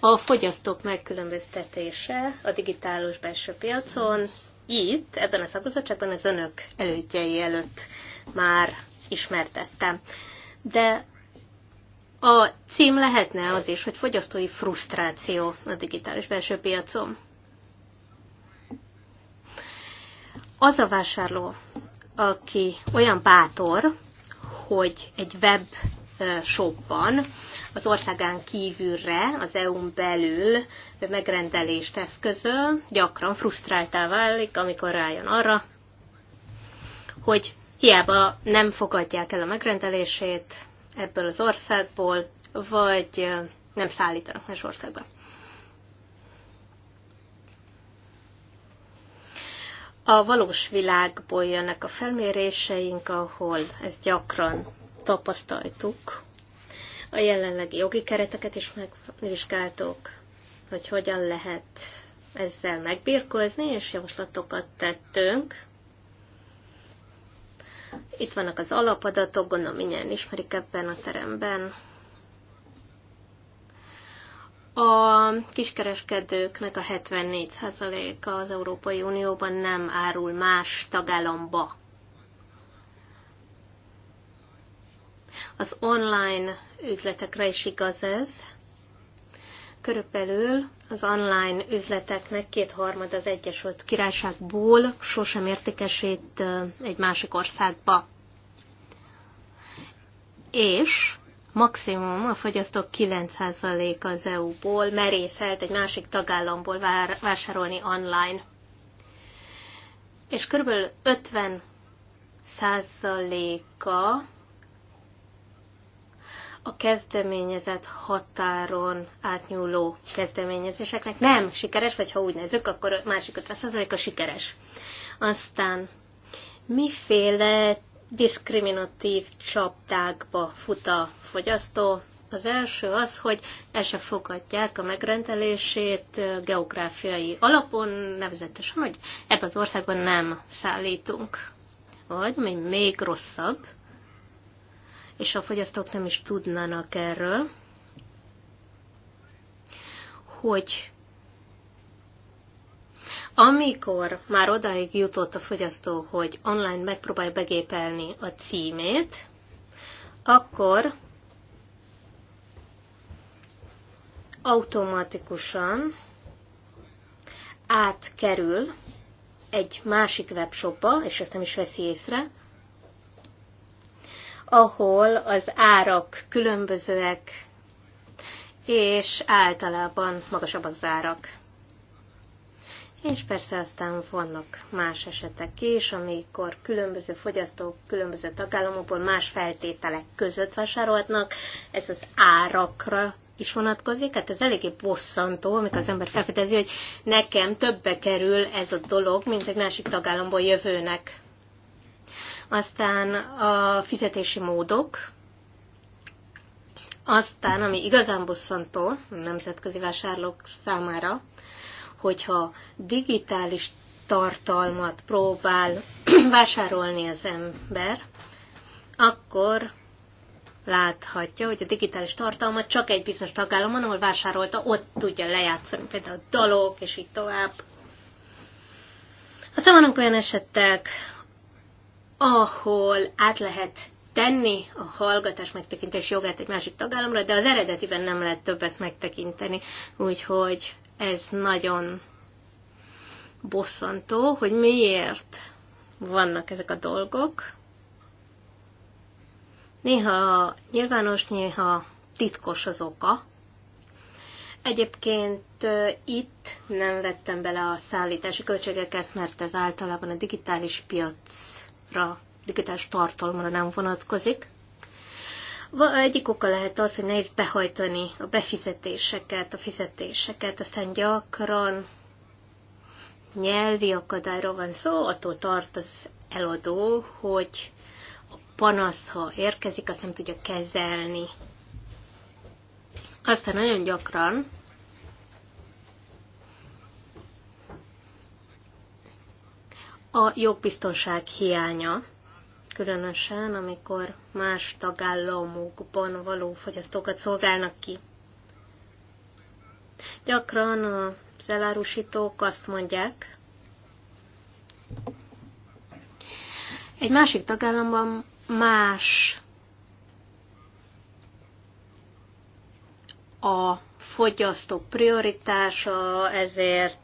a fogyasztók megkülönböztetése a digitális belső piacon. Itt, ebben a szakozatságban az önök elődjei előtt már ismertettem. De a cím lehetne az is, hogy fogyasztói frusztráció a digitális belső piacon. Az a vásárló, aki olyan bátor, hogy egy web eh, shopban az országán kívülre, az EU-n belül megrendelést eszközöl, gyakran frusztráltá válik, amikor rájön arra, hogy hiába nem fogadják el a megrendelését ebből az országból, vagy nem szállítanak más országba. A valós világból jönnek a felméréseink, ahol ezt gyakran tapasztaltuk, a jelenlegi jogi kereteket is megvizsgáltok, hogy hogyan lehet ezzel megbírkozni, és javaslatokat tettünk. Itt vannak az alapadatok, gondolom minnyien ismerik ebben a teremben. A kiskereskedőknek a 74%-a az Európai Unióban nem árul más tagállamba. Az online üzletekre is igaz ez. Körülbelül az online üzleteknek kétharmad az Egyesült Királyságból sosem értékesít egy másik országba. És maximum a fogyasztók 9% az EU-ból merészelt egy másik tagállamból vásárolni online. És körülbelül 50 százaléka a kezdeményezett határon átnyúló kezdeményezéseknek nem sikeres, vagy ha úgy nézzük, akkor a másik 50% a sikeres. Aztán miféle diszkriminatív csapdákba fut a fogyasztó? Az első az, hogy el se fogadják a megrendelését geográfiai alapon, nevezetesen, hogy ebben az országban nem szállítunk. Vagy, ami még rosszabb, és a fogyasztók nem is tudnának erről, hogy amikor már odáig jutott a fogyasztó, hogy online megpróbálja begépelni a címét, akkor automatikusan átkerül egy másik webshopba, és ezt nem is veszi észre, ahol az árak különbözőek, és általában magasabbak zárak. És persze aztán vannak más esetek is, amikor különböző fogyasztók különböző tagállamokból más feltételek között vásárolhatnak. Ez az árakra is vonatkozik, hát ez eléggé bosszantó, amikor az ember felfedezi, hogy nekem többe kerül ez a dolog, mint egy másik tagállamból jövőnek aztán a fizetési módok, aztán, ami igazán bosszantó a nemzetközi vásárlók számára, hogyha digitális tartalmat próbál vásárolni az ember, akkor láthatja, hogy a digitális tartalmat csak egy bizonyos tagállamon, ahol vásárolta, ott tudja lejátszani, például a dalok, és így tovább. Aztán vannak olyan esetek, ahol át lehet tenni a hallgatás megtekintés jogát egy másik tagállamra, de az eredetiben nem lehet többet megtekinteni, úgyhogy ez nagyon bosszantó, hogy miért vannak ezek a dolgok. Néha nyilvános, néha titkos az oka. Egyébként itt nem vettem bele a szállítási költségeket, mert ez általában a digitális piac tartalomra, digitális tartalomra nem vonatkozik. Egyik oka lehet az, hogy nehéz behajtani a befizetéseket, a fizetéseket, aztán gyakran nyelvi akadályról van szó, attól tart az eladó, hogy a panasz, ha érkezik, azt nem tudja kezelni. Aztán nagyon gyakran a jogbiztonság hiánya, különösen amikor más tagállamokban való fogyasztókat szolgálnak ki. Gyakran az elárusítók azt mondják, egy másik tagállamban más a fogyasztók prioritása, ezért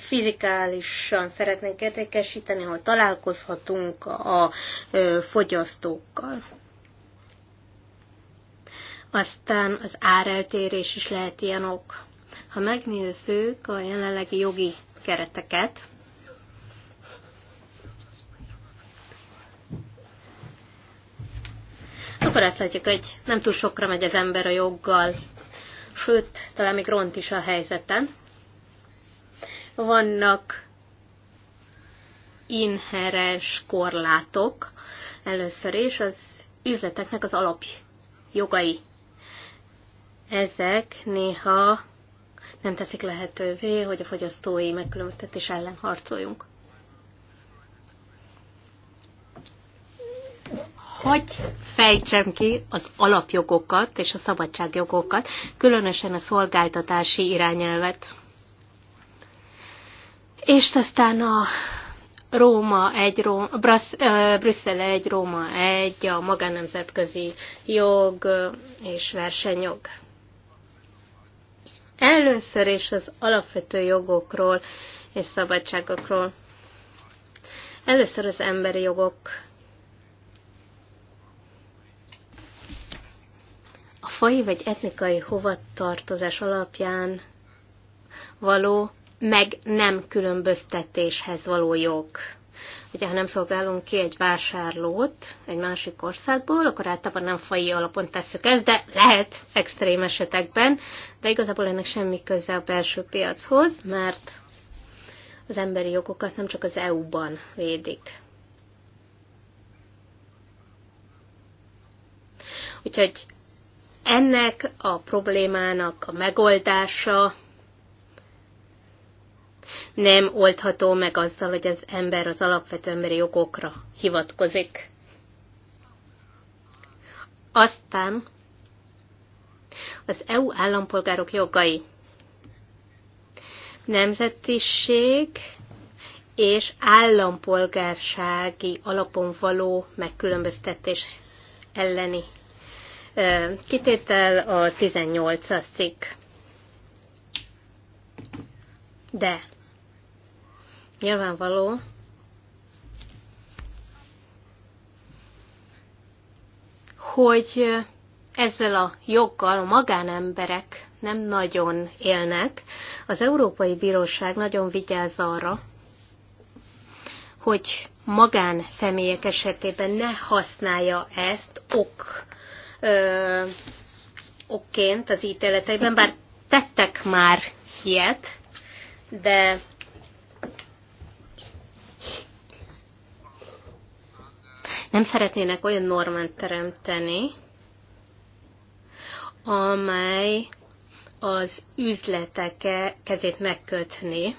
fizikálisan szeretnénk értékesíteni, hogy találkozhatunk a fogyasztókkal. Aztán az áreltérés is lehet ilyen ok. Ha megnézzük a jelenlegi jogi kereteket, akkor azt látjuk, hogy nem túl sokra megy az ember a joggal, sőt, talán még ront is a helyzeten, vannak inheres korlátok először is az üzleteknek az alapjogai. Ezek néha nem teszik lehetővé, hogy a fogyasztói megkülönböztetés ellen harcoljunk. Hogy fejtsem ki az alapjogokat és a szabadságjogokat, különösen a szolgáltatási irányelvet? És aztán a Róma egy, Róma, Brüsszel egy, Róma egy, a magánemzetközi jog és versenyjog. Először is az alapvető jogokról és szabadságokról. Először az emberi jogok. A fai vagy etnikai hovatartozás alapján való meg nem különböztetéshez való jog. Ugye, ha nem szolgálunk ki egy vásárlót egy másik országból, akkor általában nem fai alapon tesszük ezt, de lehet extrém esetekben, de igazából ennek semmi köze a belső piachoz, mert az emberi jogokat nem csak az EU-ban védik. Úgyhogy ennek a problémának a megoldása nem oldható meg azzal, hogy az ember az alapvető emberi jogokra hivatkozik. Aztán az EU állampolgárok jogai. Nemzetiség és állampolgársági alapon való megkülönböztetés elleni kitétel a 18-as cikk. De Nyilvánvaló, hogy ezzel a joggal a magánemberek nem nagyon élnek. Az Európai Bíróság nagyon vigyáz arra, hogy magánszemélyek esetében ne használja ezt ok, ö, okként az ítéleteiben, bár tettek már ilyet, de Nem szeretnének olyan normát teremteni, amely az üzletek kezét megkötni.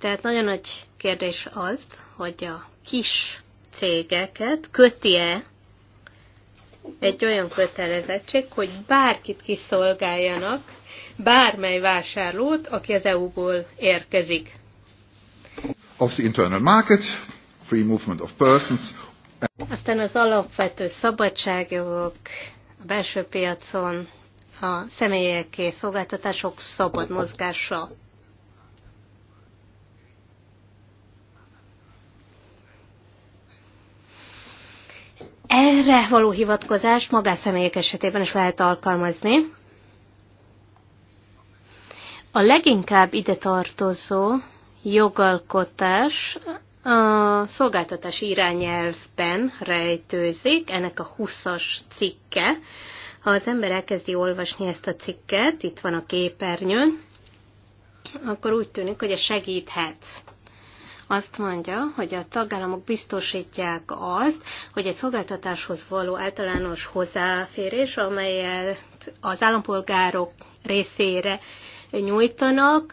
Tehát nagyon nagy kérdés az, hogy a kis cégeket köti-e egy olyan kötelezettség, hogy bárkit kiszolgáljanak, bármely vásárlót, aki az EU-ból érkezik. Of the internal market, free movement of persons. Aztán az alapvető szabadságok a belső piacon, a személyek és szolgáltatások szabad mozgása. Erre való hivatkozást magánszemélyek esetében is lehet alkalmazni. A leginkább ide tartozó jogalkotás a szolgáltatási irányelvben rejtőzik, ennek a 20-as cikke. Ha az ember elkezdi olvasni ezt a cikket, itt van a képernyőn, akkor úgy tűnik, hogy a segíthet. Azt mondja, hogy a tagállamok biztosítják azt, hogy egy szolgáltatáshoz való általános hozzáférés, amelyet az állampolgárok részére nyújtanak,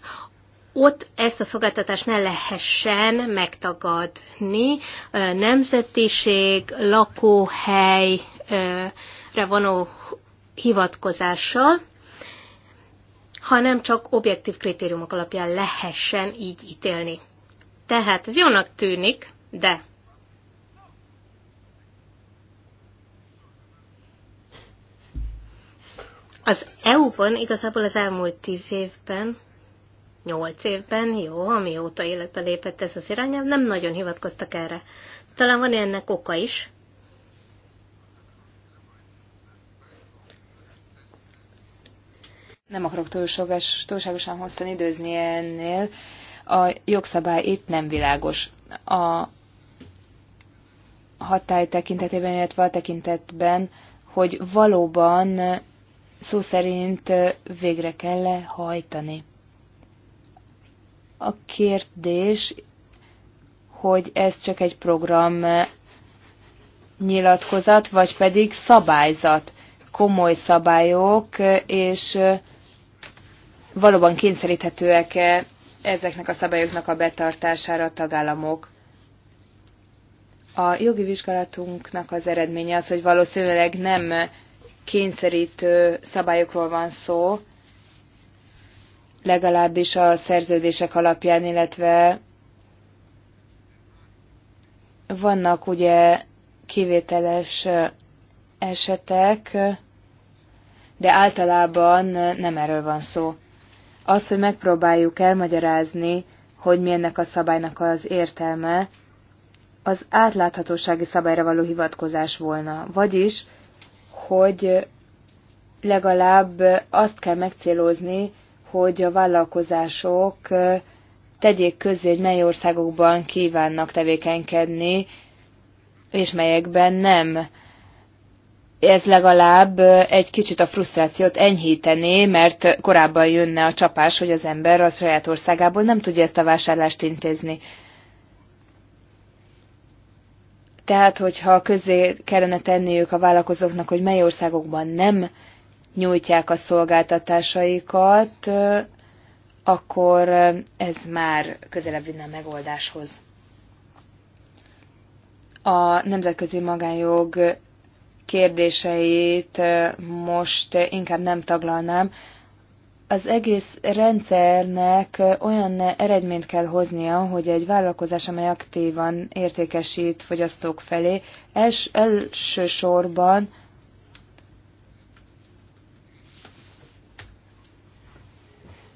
ott ezt a szolgáltatást ne lehessen megtagadni. Nemzetiség, lakóhelyre vonó hivatkozással, hanem csak objektív kritériumok alapján lehessen így ítélni. Tehát ez jónak tűnik, de az EU-ban igazából az elmúlt tíz évben nyolc évben, jó, amióta életbe lépett ez az irányelv, nem nagyon hivatkoztak erre. Talán van ennek oka is. Nem akarok túlságos, túlságosan hosszan időzni ennél. A jogszabály itt nem világos. A hatály tekintetében, illetve a tekintetben, hogy valóban szó szerint végre kell hajtani. A kérdés, hogy ez csak egy program nyilatkozat, vagy pedig szabályzat, komoly szabályok, és valóban kényszeríthetőek-e ezeknek a szabályoknak a betartására a tagállamok. A jogi vizsgálatunknak az eredménye az, hogy valószínűleg nem kényszerítő szabályokról van szó, legalábbis a szerződések alapján, illetve vannak ugye kivételes esetek, de általában nem erről van szó. Az, hogy megpróbáljuk elmagyarázni, hogy mi ennek a szabálynak az értelme, az átláthatósági szabályra való hivatkozás volna. Vagyis, hogy legalább azt kell megcélozni, hogy a vállalkozások tegyék közé, hogy mely országokban kívánnak tevékenykedni, és melyekben nem. Ez legalább egy kicsit a frusztrációt enyhítené, mert korábban jönne a csapás, hogy az ember a saját országából nem tudja ezt a vásárlást intézni. Tehát, hogyha közé kellene tenniük a vállalkozóknak, hogy mely országokban nem nyújtják a szolgáltatásaikat, akkor ez már közelebb vinne a megoldáshoz. A nemzetközi magánjog kérdéseit most inkább nem taglalnám. Az egész rendszernek olyan eredményt kell hoznia, hogy egy vállalkozás, amely aktívan értékesít fogyasztók felé, els, elsősorban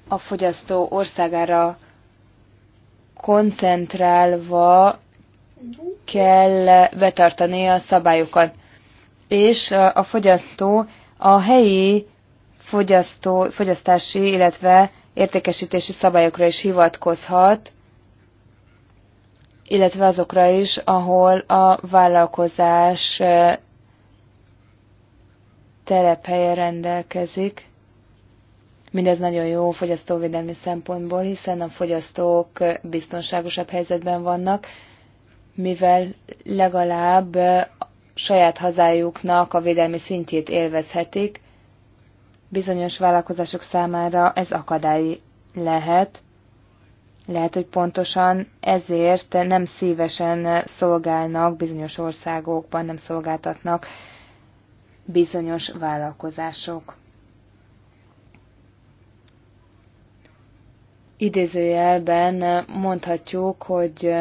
a fogyasztó országára koncentrálva kell betartani a szabályokat. És a fogyasztó a helyi fogyasztó, fogyasztási, illetve értékesítési szabályokra is hivatkozhat, illetve azokra is, ahol a vállalkozás eh, telephelye rendelkezik. Mindez nagyon jó fogyasztóvédelmi szempontból, hiszen a fogyasztók biztonságosabb helyzetben vannak, mivel legalább saját hazájuknak a védelmi szintjét élvezhetik. Bizonyos vállalkozások számára ez akadály lehet. Lehet, hogy pontosan ezért nem szívesen szolgálnak bizonyos országokban, nem szolgáltatnak bizonyos vállalkozások. idézőjelben mondhatjuk, hogy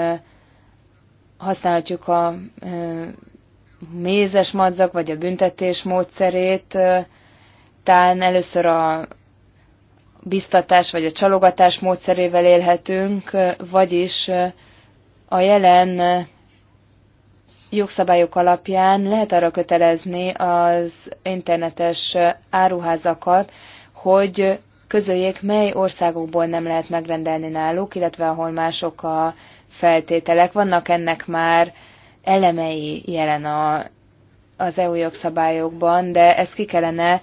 használhatjuk a mézes madzak, vagy a büntetés módszerét, talán először a biztatás vagy a csalogatás módszerével élhetünk, vagyis a jelen jogszabályok alapján lehet arra kötelezni az internetes áruházakat, hogy közöljék, mely országokból nem lehet megrendelni náluk, illetve ahol mások a feltételek. Vannak ennek már elemei jelen a, az EU jogszabályokban, de ezt ki kellene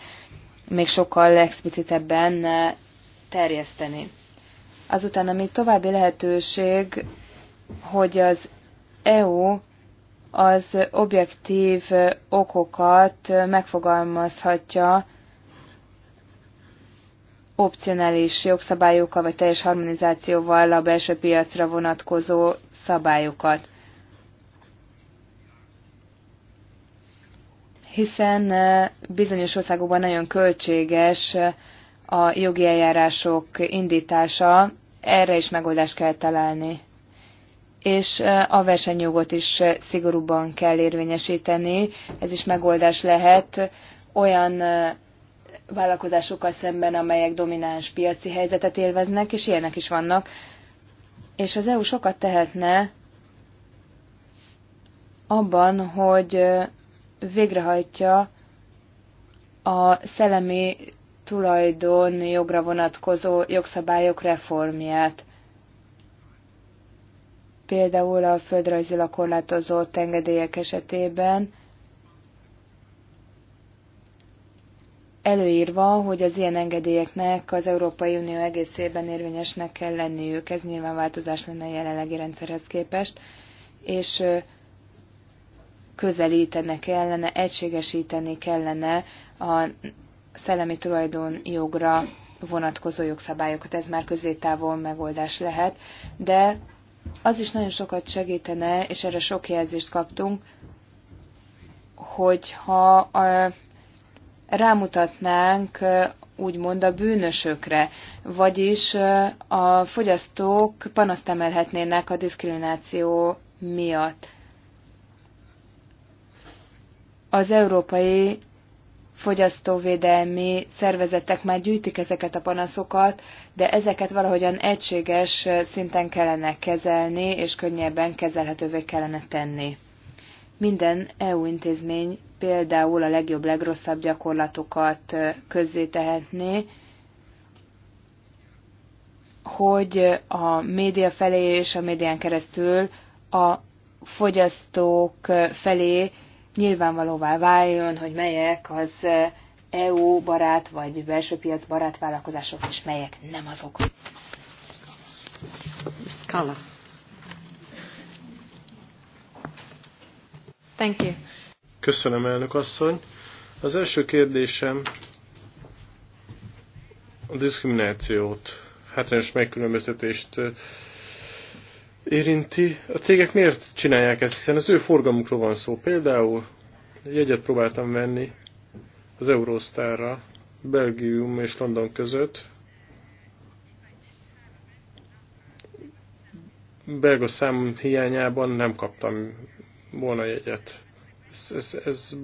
még sokkal explicitebben terjeszteni. Azután, ami további lehetőség, hogy az EU az objektív okokat megfogalmazhatja opcionális jogszabályokkal vagy teljes harmonizációval a belső piacra vonatkozó szabályokat. Hiszen eh, bizonyos országokban nagyon költséges eh, a jogi eljárások indítása, erre is megoldást kell találni. És eh, a versenyjogot is szigorúban kell érvényesíteni, ez is megoldás lehet olyan vállalkozásokkal szemben, amelyek domináns piaci helyzetet élveznek, és ilyenek is vannak. És az EU sokat tehetne abban, hogy végrehajtja a szellemi tulajdon jogra vonatkozó jogszabályok reformját. Például a földrajzilag korlátozott engedélyek esetében előírva, hogy az ilyen engedélyeknek az Európai Unió egészében érvényesnek kell lenniük. Ez nyilván változás lenne a jelenlegi rendszerhez képest, és közelítene kellene, egységesíteni kellene a szellemi tulajdon jogra vonatkozó jogszabályokat. Ez már középtávon megoldás lehet, de az is nagyon sokat segítene, és erre sok jelzést kaptunk, hogyha a rámutatnánk úgymond a bűnösökre, vagyis a fogyasztók panaszt emelhetnének a diszkrimináció miatt. Az európai fogyasztóvédelmi szervezetek már gyűjtik ezeket a panaszokat, de ezeket valahogyan egységes szinten kellene kezelni, és könnyebben kezelhetővé kellene tenni. Minden EU intézmény például a legjobb, legrosszabb gyakorlatokat közzé tehetné, hogy a média felé és a médián keresztül a fogyasztók felé nyilvánvalóvá váljon, hogy melyek az EU barát vagy belső piac barát vállalkozások, és melyek nem azok. Thank you. Köszönöm, elnök asszony. Az első kérdésem a diszkriminációt, hátrányos megkülönböztetést érinti. A cégek miért csinálják ezt, hiszen az ő forgalmukról van szó. Például jegyet próbáltam venni az Eurostarra, Belgium és London között. Belga szám hiányában nem kaptam volna jegyet. Ez, ez, ez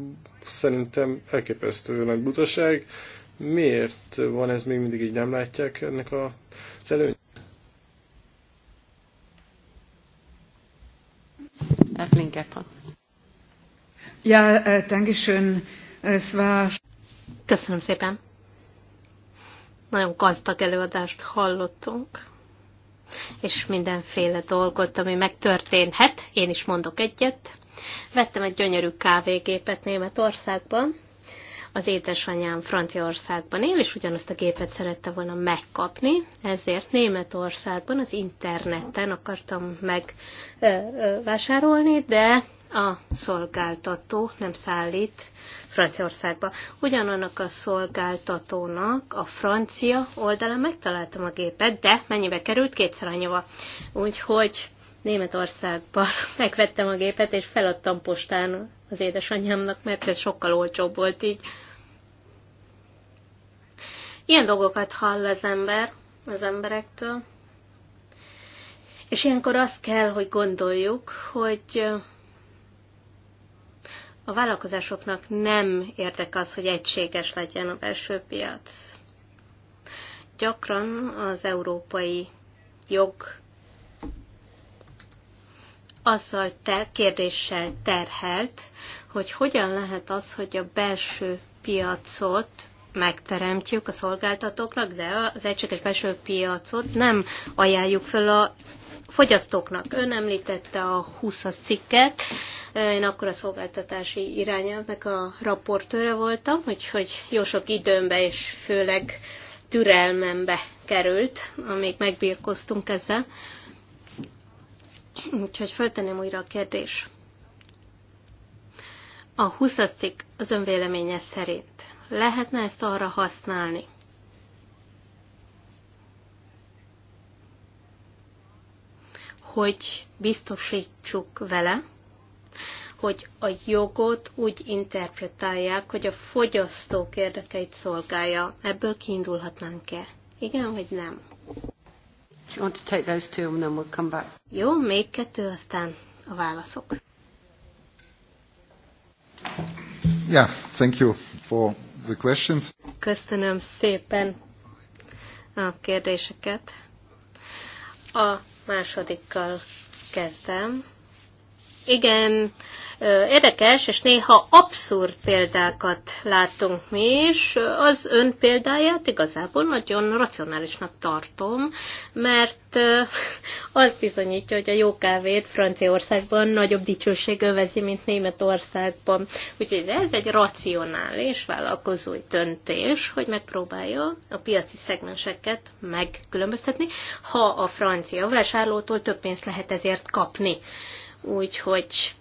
szerintem elképesztő nagy butaság. Miért van ez még mindig így nem látják ennek a, az előny? Ja, eh, danke schön. Es war... Köszönöm szépen. Nagyon gazdag előadást hallottunk, és mindenféle dolgot, ami megtörténhet. Én is mondok egyet. Vettem egy gyönyörű kávégépet Németországban, az édesanyám Franciaországban él, és ugyanazt a gépet szerette volna megkapni, ezért Németországban az interneten akartam megvásárolni, de a szolgáltató nem szállít Franciaországba. Ugyanannak a szolgáltatónak a francia oldalán megtaláltam a gépet, de mennyibe került? Kétszer annyiba. Úgyhogy Németországban megvettem a gépet, és feladtam postán az édesanyámnak, mert ez sokkal olcsóbb volt így. Ilyen dolgokat hall az ember az emberektől, és ilyenkor azt kell, hogy gondoljuk, hogy a vállalkozásoknak nem érdek az, hogy egységes legyen a belső piac. Gyakran az európai jog azzal te, kérdéssel terhelt, hogy hogyan lehet az, hogy a belső piacot megteremtjük a szolgáltatóknak, de az egységes belső piacot nem ajánljuk föl a fogyasztóknak. Ön említette a 20-as cikket, én akkor a szolgáltatási irányelvnek a raportőre voltam, úgyhogy jó sok időmbe és főleg türelmembe került, amíg megbírkoztunk ezzel. Úgyhogy föltenem újra a kérdés. A 20 cikk az önvéleménye szerint lehetne ezt arra használni, hogy biztosítsuk vele, hogy a jogot úgy interpretálják, hogy a fogyasztók érdekeit szolgálja. Ebből kiindulhatnánk-e? Igen vagy nem? you want to take those two and then we'll come back? Jó, még kettő, aztán a válaszok. Yeah, thank you for the questions. Köszönöm szépen a kérdéseket. A másodikkal kezdem igen érdekes, és néha abszurd példákat látunk mi is. Az ön példáját igazából nagyon racionálisnak tartom, mert az bizonyítja, hogy a jó kávét Franciaországban nagyobb dicsőség övezi, mint Németországban. Úgyhogy ez egy racionális vállalkozói döntés, hogy megpróbálja a piaci szegmenseket megkülönböztetni, ha a francia vásárlótól több pénzt lehet ezért kapni. Úgyhogy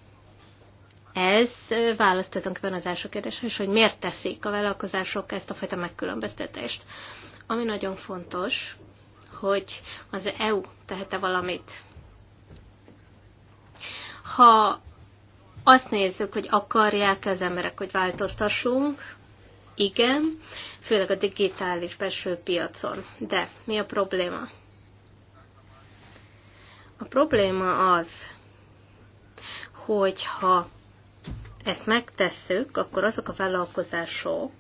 ez választ tulajdonképpen az első kérdés, és hogy miért teszik a vállalkozások ezt a fajta megkülönböztetést. Ami nagyon fontos, hogy az EU tehet-e valamit. Ha azt nézzük, hogy akarják az emberek, hogy változtassunk, igen, főleg a digitális belső piacon. De mi a probléma? A probléma az, hogyha ezt megtesszük, akkor azok a vállalkozások,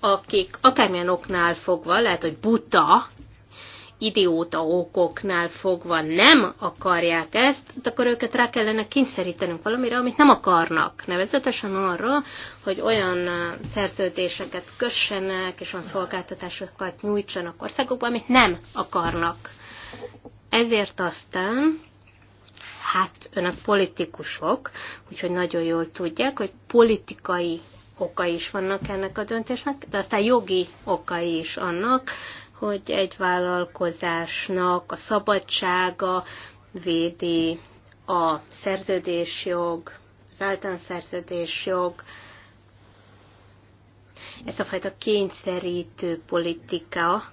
akik akármilyen oknál fogva, lehet, hogy buta, idióta okoknál fogva nem akarják ezt, hát akkor őket rá kellene kényszerítenünk valamire, amit nem akarnak. Nevezetesen arra, hogy olyan szerződéseket kössenek, és olyan szolgáltatásokat nyújtsanak országokba, amit nem akarnak. Ezért aztán Hát önök politikusok, úgyhogy nagyon jól tudják, hogy politikai okai is vannak ennek a döntésnek, de aztán jogi okai is annak, hogy egy vállalkozásnak a szabadsága védi a szerződésjog, az általán szerződésjog, ezt a fajta kényszerítő politikát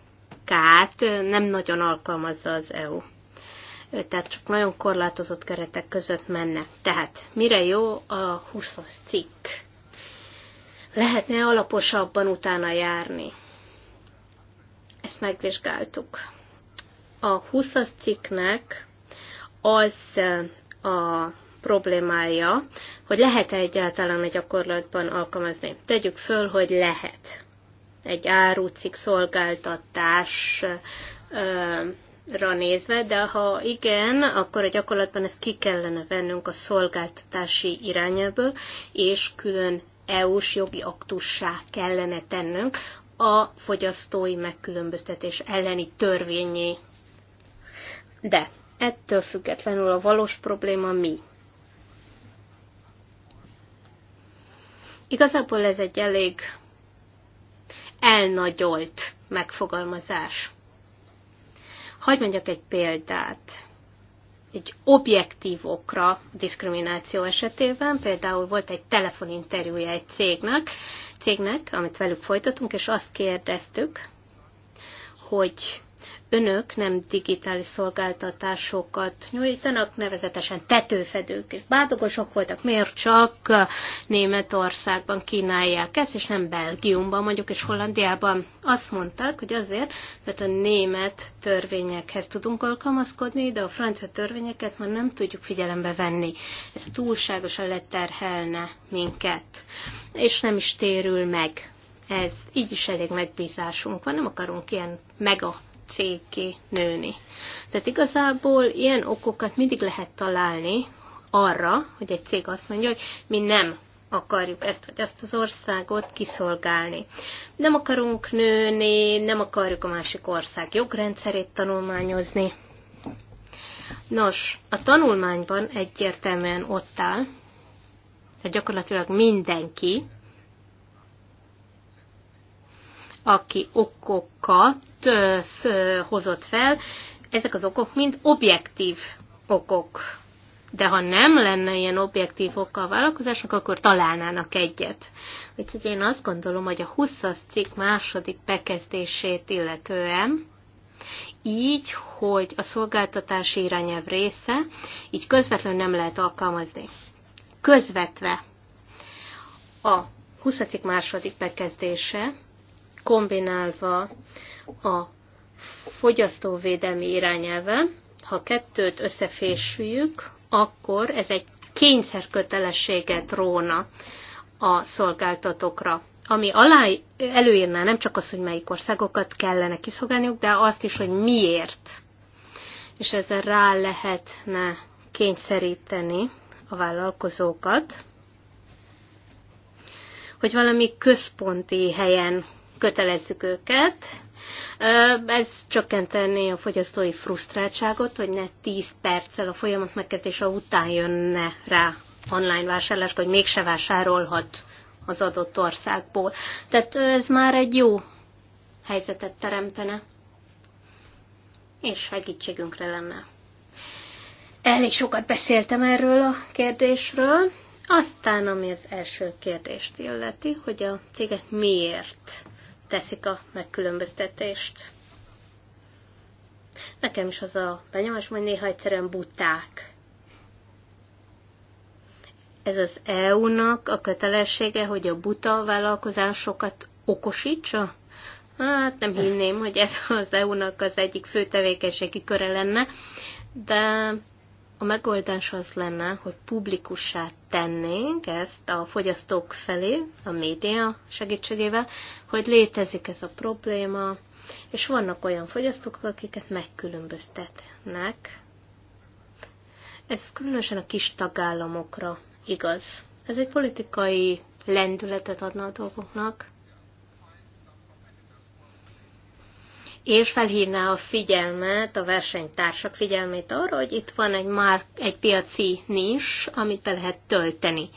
nem nagyon alkalmazza az EU tehát csak nagyon korlátozott keretek között menne. Tehát mire jó a 20 cikk? Lehetne alaposabban utána járni. Ezt megvizsgáltuk. A 20 cikknek az eh, a problémája, hogy lehet-e egyáltalán a gyakorlatban alkalmazni. Tegyük föl, hogy lehet. Egy árucik szolgáltatás eh, nézve, de ha igen, akkor a gyakorlatban ezt ki kellene vennünk a szolgáltatási irányából, és külön EU-s jogi aktussá kellene tennünk a fogyasztói megkülönböztetés elleni törvényé. De ettől függetlenül a valós probléma mi? Igazából ez egy elég elnagyolt megfogalmazás. Hagy mondjak egy példát. Egy objektív okra diszkrimináció esetében, például volt egy telefoninterjúja egy cégnek, cégnek, amit velük folytatunk, és azt kérdeztük, hogy önök nem digitális szolgáltatásokat nyújtanak, nevezetesen tetőfedők, és bádogosok voltak, miért csak Németországban kínálják ezt, és nem Belgiumban mondjuk, és Hollandiában. Azt mondták, hogy azért, mert a német törvényekhez tudunk alkalmazkodni, de a francia törvényeket már nem tudjuk figyelembe venni. Ez túlságosan leterhelne minket, és nem is térül meg ez így is elég megbízásunk van, nem akarunk ilyen mega cégké nőni. Tehát igazából ilyen okokat mindig lehet találni arra, hogy egy cég azt mondja, hogy mi nem akarjuk ezt vagy ezt az országot kiszolgálni. Nem akarunk nőni, nem akarjuk a másik ország jogrendszerét tanulmányozni. Nos, a tanulmányban egyértelműen ott áll, hogy gyakorlatilag mindenki, aki okokat hozott fel, ezek az okok mind objektív okok. De ha nem lenne ilyen objektív okkal vállalkozásnak, akkor találnának egyet. Úgyhogy én azt gondolom, hogy a 20 cikk második bekezdését illetően, így, hogy a szolgáltatási irányelv része, így közvetlenül nem lehet alkalmazni. Közvetve a 20. második bekezdése kombinálva a fogyasztóvédelmi irányelve, ha kettőt összefésüljük, akkor ez egy kényszerkötelességet róna a szolgáltatókra, ami alá előírná nem csak az, hogy melyik országokat kellene kiszolgálniuk, de azt is, hogy miért. És ezzel rá lehetne kényszeríteni a vállalkozókat, hogy valami központi helyen kötelezzük őket. Ez csökkentené a fogyasztói frusztráltságot, hogy ne 10 perccel a folyamat megkezdése után jönne rá online vásárlás, hogy mégse vásárolhat az adott országból. Tehát ez már egy jó helyzetet teremtene, és segítségünkre lenne. Elég sokat beszéltem erről a kérdésről, aztán ami az első kérdést illeti, hogy a cégek miért teszik a megkülönböztetést. Nekem is az a benyomás, hogy néha egyszerűen buták. Ez az EU-nak a kötelessége, hogy a buta vállalkozásokat okosítsa? Hát nem hinném, hogy ez az EU-nak az egyik fő tevékenységi köre lenne, de a megoldás az lenne, hogy publikussá tennénk ezt a fogyasztók felé, a média segítségével, hogy létezik ez a probléma, és vannak olyan fogyasztók, akiket megkülönböztetnek. Ez különösen a kis tagállamokra igaz. Ez egy politikai lendületet adna a dolgoknak, és felhívná a figyelmet, a versenytársak figyelmét arra, hogy itt van egy, már, egy piaci nis, amit be lehet tölteni.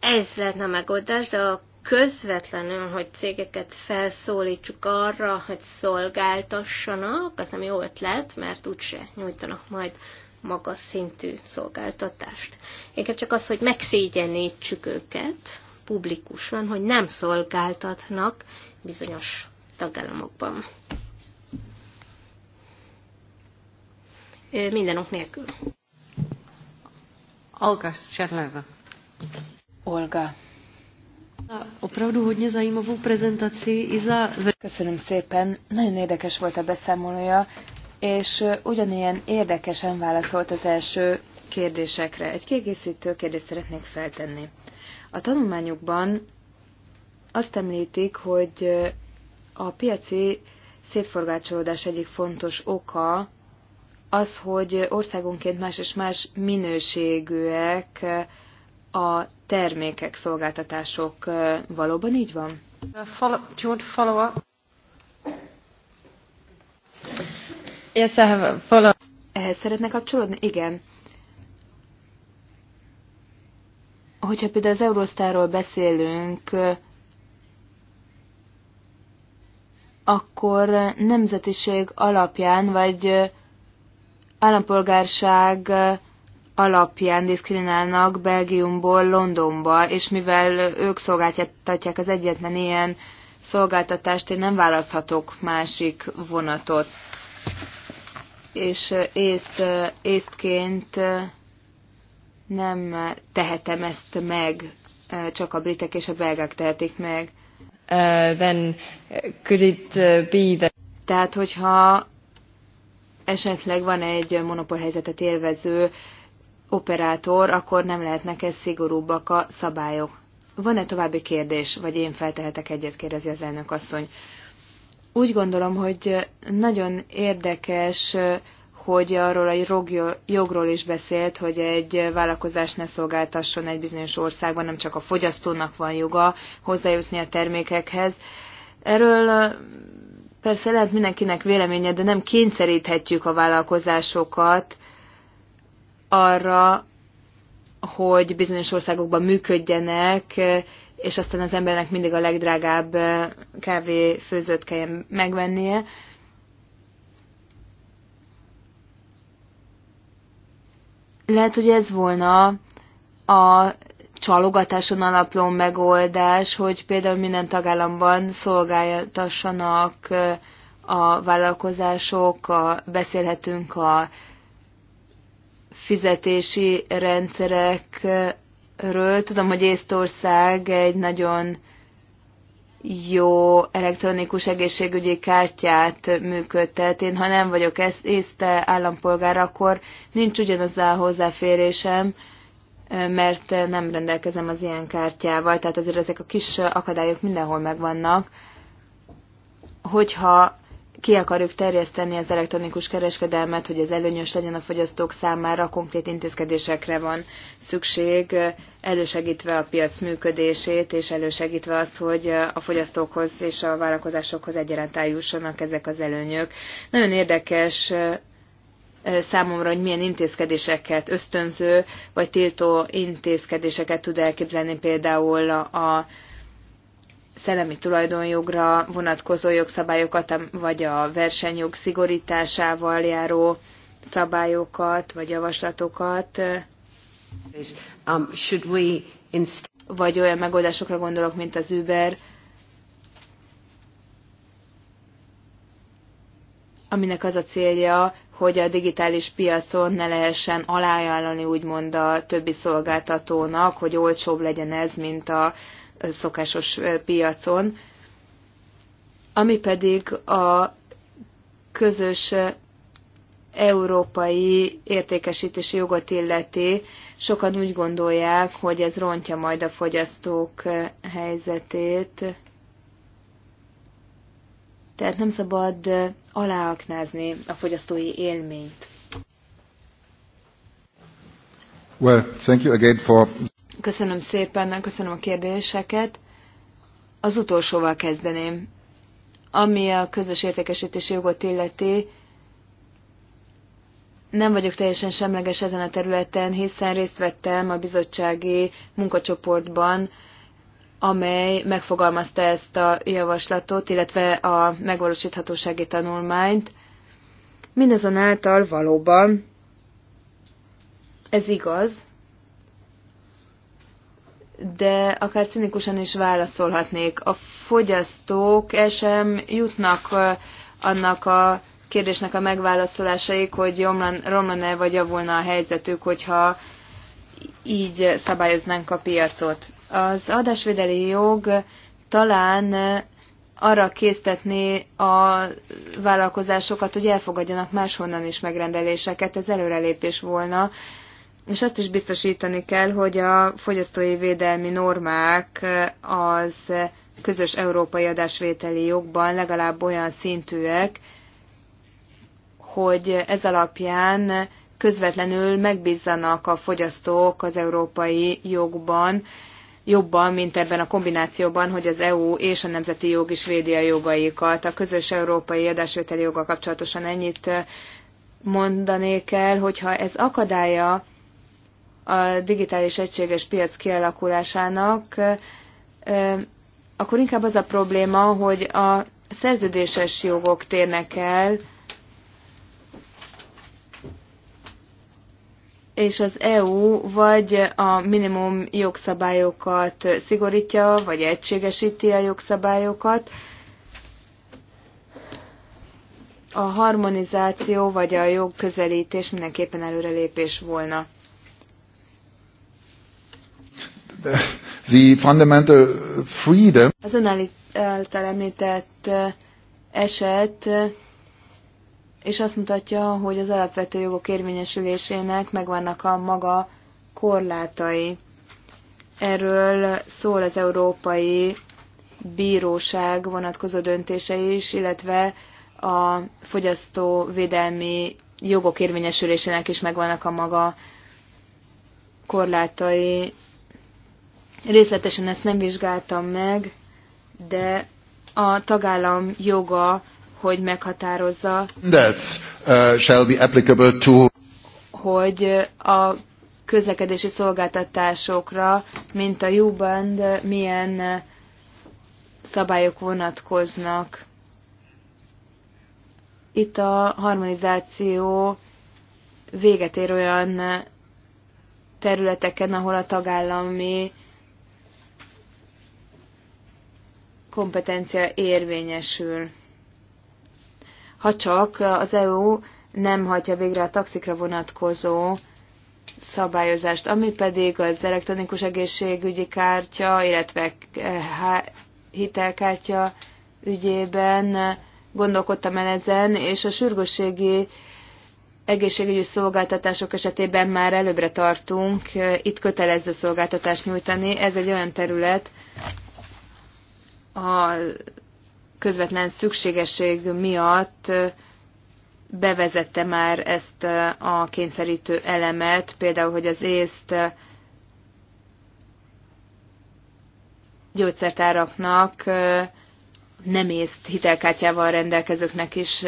Ez lenne a megoldás, de a közvetlenül, hogy cégeket felszólítsuk arra, hogy szolgáltassanak, az nem jó ötlet, mert úgyse nyújtanak majd magas szintű szolgáltatást. Inkább csak az, hogy megszégyenítsük őket publikusan, hogy nem szolgáltatnak bizonyos tagállamokban. Minden ok nélkül. Olga Šerleva. Olga. Opravdu hodně zajímavou prezentaci i za... Köszönöm szépen, nagyon érdekes volt a beszámolója, és ugyanilyen érdekesen válaszolt az első kérdésekre. Egy kiegészítő kérdést szeretnék feltenni. A tanulmányokban azt említik, hogy a piaci szétforgácsolódás egyik fontos oka az, hogy országonként más és más minőségűek a termékek, szolgáltatások. Valóban így van? follow, do you want to follow up? Yes, I have a follow Ehhez szeretne kapcsolódni? Igen. Hogyha például az Eurostarról beszélünk, akkor nemzetiség alapján, vagy állampolgárság alapján diszkriminálnak Belgiumból Londonba, és mivel ők szolgáltatják az egyetlen ilyen szolgáltatást, én nem választhatok másik vonatot. És észt, észtként nem tehetem ezt meg, csak a britek és a belgák tehetik meg. Uh, then uh, could it uh, be that... Tehát, hogyha esetleg van egy helyzetet élvező operátor, akkor nem lehetnek ez szigorúbbak a szabályok. Van-e további kérdés, vagy én feltehetek egyet, kérdezi az elnök asszony. Úgy gondolom, hogy nagyon érdekes hogy arról a jogról is beszélt, hogy egy vállalkozás ne szolgáltasson egy bizonyos országban, nem csak a fogyasztónak van joga hozzájutni a termékekhez. Erről persze lehet mindenkinek véleménye, de nem kényszeríthetjük a vállalkozásokat arra, hogy bizonyos országokban működjenek, és aztán az embernek mindig a legdrágább kávé főzőt kelljen megvennie. Lehet, hogy ez volna a csalogatáson alapló megoldás, hogy például minden tagállamban szolgáltassanak a vállalkozások, a, beszélhetünk a fizetési rendszerekről. Tudom, hogy Észtország egy nagyon jó elektronikus egészségügyi kártyát működtet. Én, ha nem vagyok észte állampolgár, akkor nincs a hozzáférésem, mert nem rendelkezem az ilyen kártyával, tehát azért ezek a kis akadályok mindenhol megvannak. Hogyha ki akarjuk terjeszteni az elektronikus kereskedelmet, hogy ez előnyös legyen a fogyasztók számára, konkrét intézkedésekre van szükség, elősegítve a piac működését, és elősegítve azt, hogy a fogyasztókhoz és a vállalkozásokhoz egyaránt eljussanak ezek az előnyök. Nagyon érdekes eh, számomra, hogy milyen intézkedéseket, ösztönző vagy tiltó intézkedéseket tud elképzelni például a, a szellemi tulajdonjogra vonatkozó jogszabályokat, vagy a versenyjog szigorításával járó szabályokat, vagy javaslatokat. Um, vagy olyan megoldásokra gondolok, mint az Uber, aminek az a célja, hogy a digitális piacon ne lehessen alájállani úgymond a többi szolgáltatónak, hogy olcsóbb legyen ez, mint a szokásos piacon, ami pedig a közös európai értékesítési jogot illeti, sokan úgy gondolják, hogy ez rontja majd a fogyasztók helyzetét. Tehát nem szabad aláaknázni a fogyasztói élményt. Well, thank you again for... Köszönöm szépen, köszönöm a kérdéseket. Az utolsóval kezdeném. Ami a közös értékesítési jogot illeti, nem vagyok teljesen semleges ezen a területen, hiszen részt vettem a bizottsági munkacsoportban, amely megfogalmazta ezt a javaslatot, illetve a megvalósíthatósági tanulmányt. Mindazonáltal valóban ez igaz, de akár cinikusan is válaszolhatnék. A fogyasztók el sem jutnak annak a kérdésnek a megválaszolásaik, hogy romlan-e vagy javulna a helyzetük, hogyha így szabályoznánk a piacot. Az adásvédeli jog talán arra késztetné a vállalkozásokat, hogy elfogadjanak máshonnan is megrendeléseket, ez előrelépés volna és azt is biztosítani kell, hogy a fogyasztói védelmi normák az közös európai adásvételi jogban legalább olyan szintűek, hogy ez alapján közvetlenül megbízzanak a fogyasztók az európai jogban, jobban, mint ebben a kombinációban, hogy az EU és a nemzeti jog is védi a jogaikat. A közös európai adásvételi joga kapcsolatosan ennyit mondanék el, hogyha ez akadálya a digitális egységes piac kialakulásának, akkor inkább az a probléma, hogy a szerződéses jogok térnek el, és az EU vagy a minimum jogszabályokat szigorítja, vagy egységesíti a jogszabályokat. A harmonizáció vagy a jogközelítés mindenképpen előrelépés volna. the fundamental freedom. Az ön által említett eh, eset eh, és azt mutatja, hogy az alapvető jogok érvényesülésének megvannak a maga korlátai. Erről szól az Európai Bíróság vonatkozó döntése is, illetve a fogyasztóvédelmi jogok érvényesülésének is megvannak a maga korlátai. Részletesen ezt nem vizsgáltam meg, de a tagállam joga, hogy meghatározza, That's, uh, shall be applicable to... hogy a közlekedési szolgáltatásokra, mint a U-band, milyen szabályok vonatkoznak. Itt a harmonizáció véget ér olyan területeken, ahol a tagállami kompetencia érvényesül. Ha csak az EU nem hagyja végre a taxikra vonatkozó szabályozást, ami pedig az elektronikus egészségügyi kártya, illetve eh, hitelkártya ügyében gondolkodtam el ezen, és a sürgősségi egészségügyi szolgáltatások esetében már előbbre tartunk, eh, itt kötelező szolgáltatást nyújtani. Ez egy olyan terület, a közvetlen szükségesség miatt bevezette már ezt a kényszerítő elemet, például, hogy az észt gyógyszertáraknak nem észt hitelkártyával rendelkezőknek is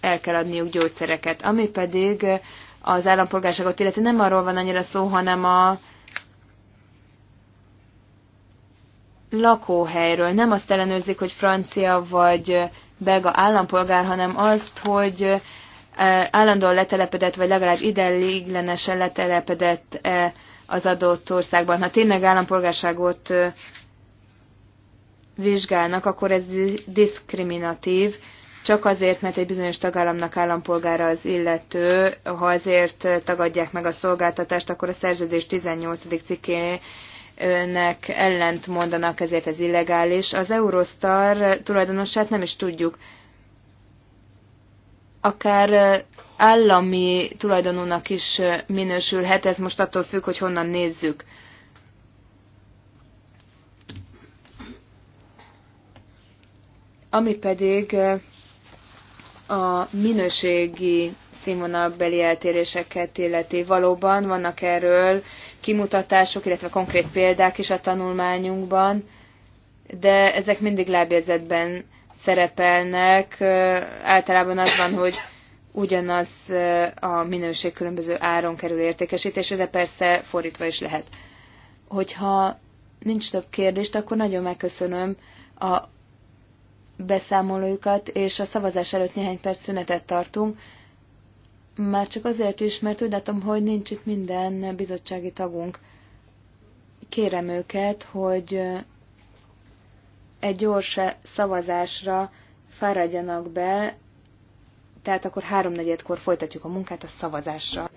el kell adniuk gyógyszereket. Ami pedig az állampolgárságot illeti nem arról van annyira szó, hanem a lakóhelyről. Nem azt ellenőrzik, hogy francia vagy belga állampolgár, hanem azt, hogy eh, állandóan letelepedett, vagy legalább ideiglenesen letelepedett -e az adott országban. Ha tényleg állampolgárságot eh, vizsgálnak, akkor ez diszkriminatív, csak azért, mert egy bizonyos tagállamnak állampolgára az illető, ha azért tagadják meg a szolgáltatást, akkor a szerződés 18. cikkén önnek ellent mondanak, ezért ez illegális. Az Eurostar tulajdonosát nem is tudjuk. Akár állami tulajdonúnak is minősülhet, ez most attól függ, hogy honnan nézzük. Ami pedig a minőségi színvonalbeli eltéréseket illeti. Valóban vannak erről kimutatások, illetve konkrét példák is a tanulmányunkban, de ezek mindig lábjegyzetben szerepelnek. Általában az van, hogy ugyanaz a minőség különböző áron kerül értékesítésre, de persze fordítva is lehet. Hogyha nincs több kérdést, akkor nagyon megköszönöm a beszámolójukat, és a szavazás előtt néhány perc szünetet tartunk, már csak azért is, mert úgy látom, hogy nincs itt minden bizottsági tagunk. Kérem őket, hogy egy gyors szavazásra fáradjanak be, tehát akkor háromnegyedkor folytatjuk a munkát a szavazásra.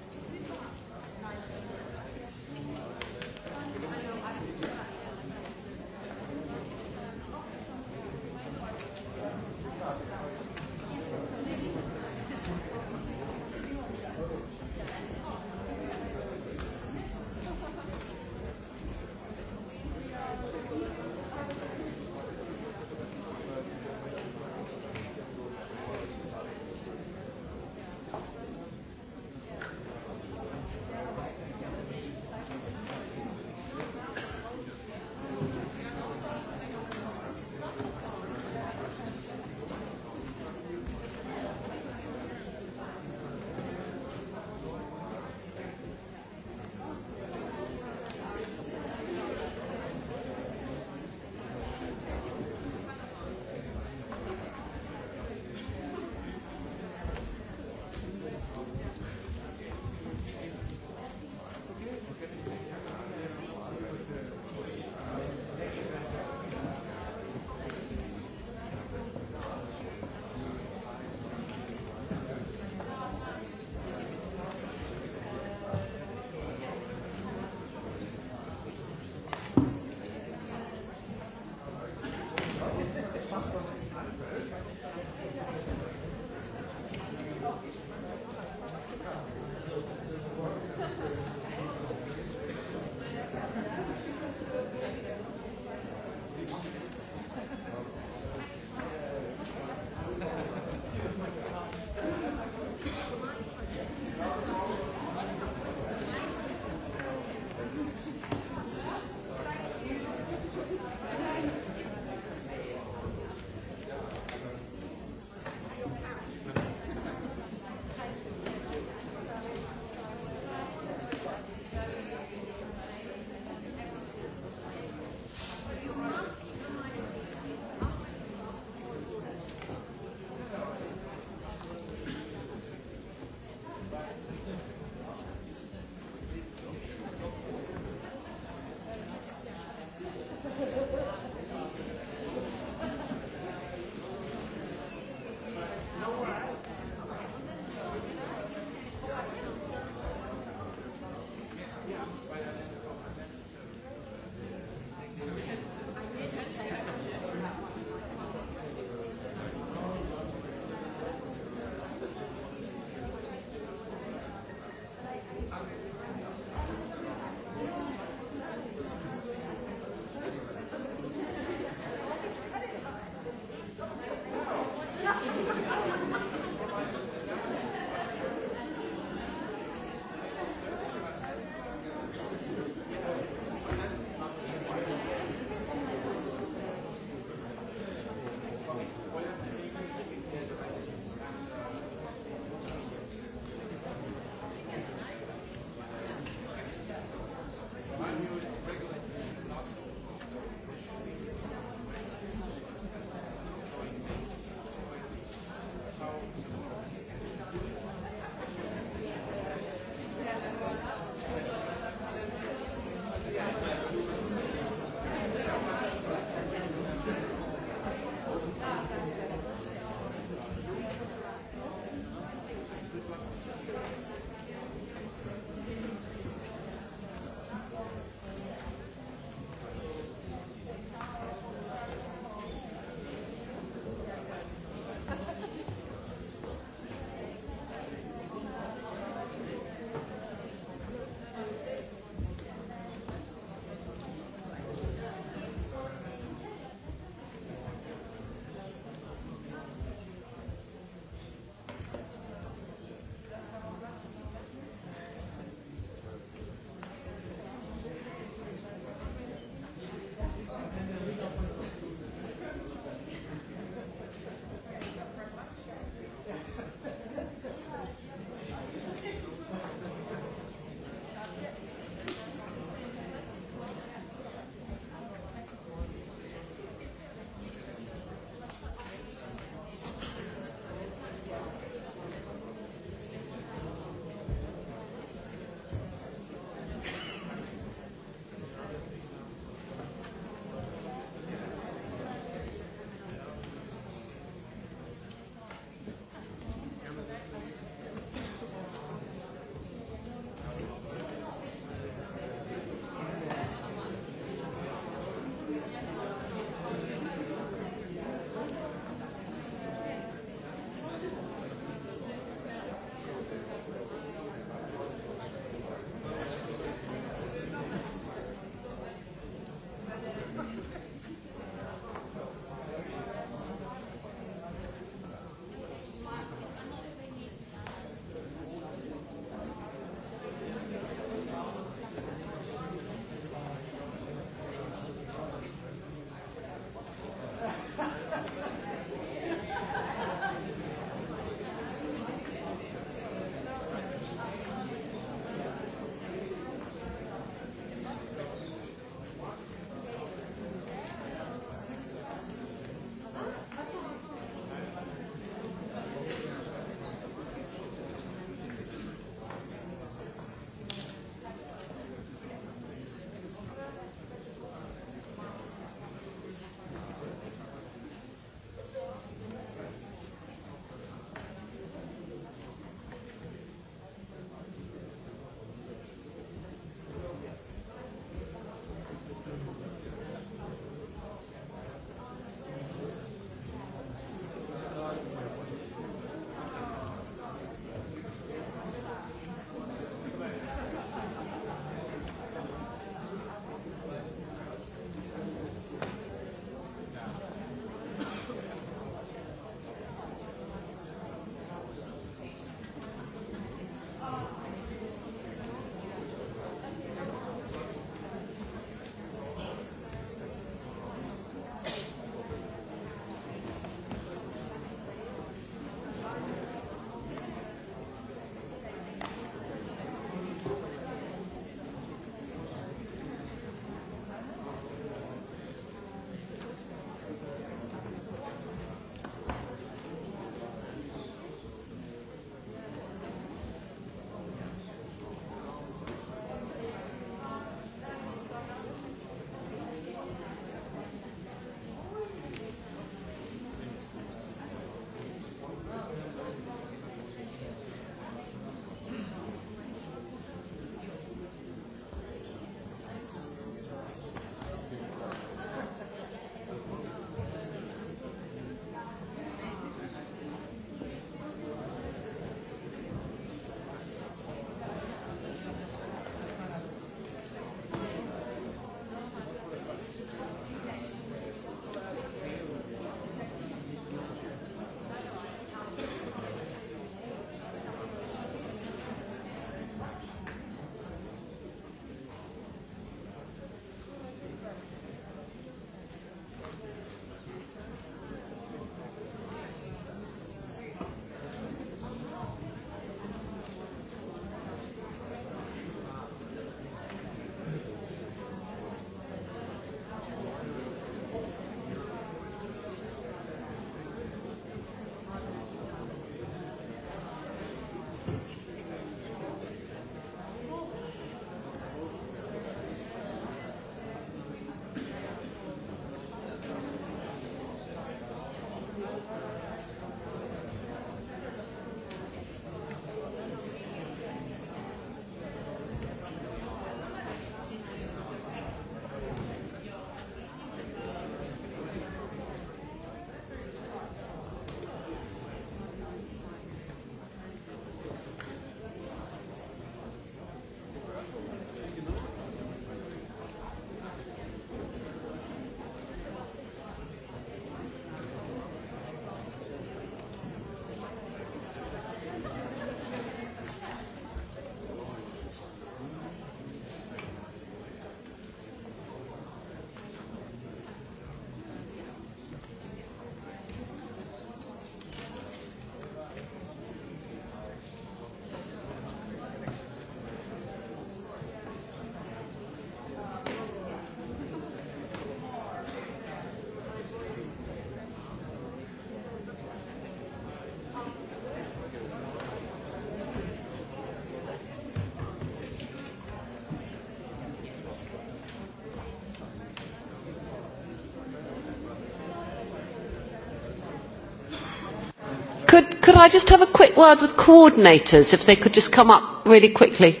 Could I just have a quick word with coordinators, if they could just come up really quickly?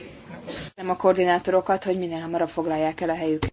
Nem a koordinátorokat, hogy minél hamarabb foglalják el a helyüket.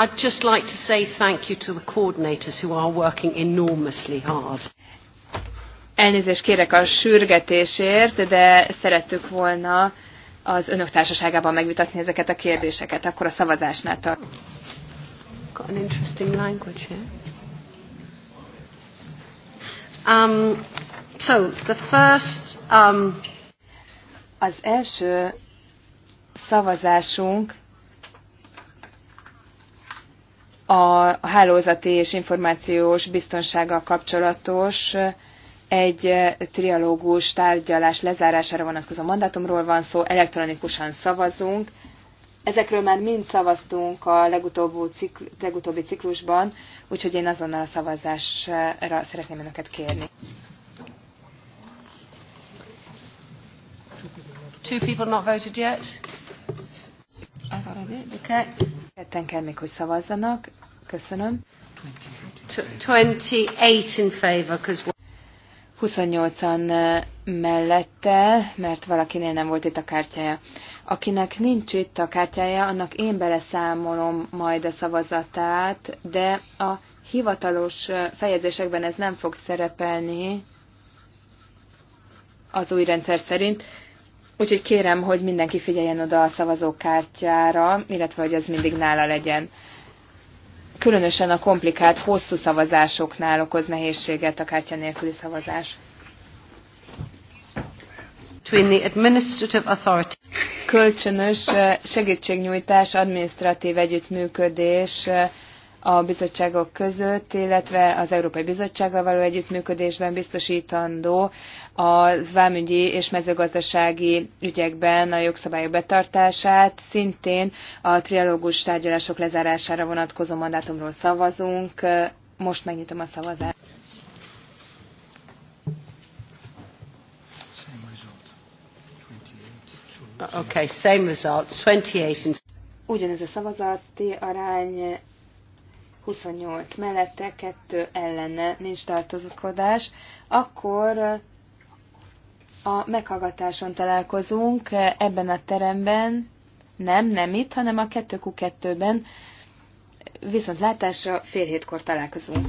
I'd just like to say thank you to the coordinators who are working enormously hard. Elnézést kérek a sürgetésért, de szerettük volna az önök társaságában megvitatni ezeket a kérdéseket, akkor a szavazásnál tart. Got an interesting language here. Um, so the first, um... Az első szavazásunk a hálózati és információs biztonsággal kapcsolatos egy trialógus tárgyalás lezárására vonatkozó mandátumról van szó, elektronikusan szavazunk. Ezekről már mind szavaztunk a legutóbbi, cikl, legutóbbi ciklusban, úgyhogy én azonnal a szavazásra szeretném önöket kérni. Two people not voted yet. Okay. Ketten kell még, hogy szavazzanak. Köszönöm. 28 28-an eh, mellette, mert valakinél nem volt itt a kártyája. Akinek nincs itt a kártyája, annak én beleszámolom majd a szavazatát, de a hivatalos eh, fejezésekben ez nem fog szerepelni az új rendszer szerint. Úgyhogy kérem, hogy mindenki figyeljen oda a szavazókártyára, illetve hogy az mindig nála legyen különösen a komplikált hosszú szavazásoknál okoz nehézséget a kártya nélküli szavazás. Kölcsönös eh, segítségnyújtás, adminisztratív együttműködés eh, a bizottságok között, illetve az Európai Bizottsággal való együttműködésben biztosítandó a vámügyi és mezőgazdasági ügyekben a jogszabályok betartását, szintén a trialógus tárgyalások lezárására vonatkozó mandátumról szavazunk. Most megnyitom a szavazást. Okay, same result, 28 and... Ugyanez a szavazati arány 28 mellette, 2 ellene, nincs tartozkodás. Akkor a meghallgatáson találkozunk eh, ebben a teremben, nem, nem itt, hanem a 2Q2-ben, viszont látásra fél hétkor találkozunk.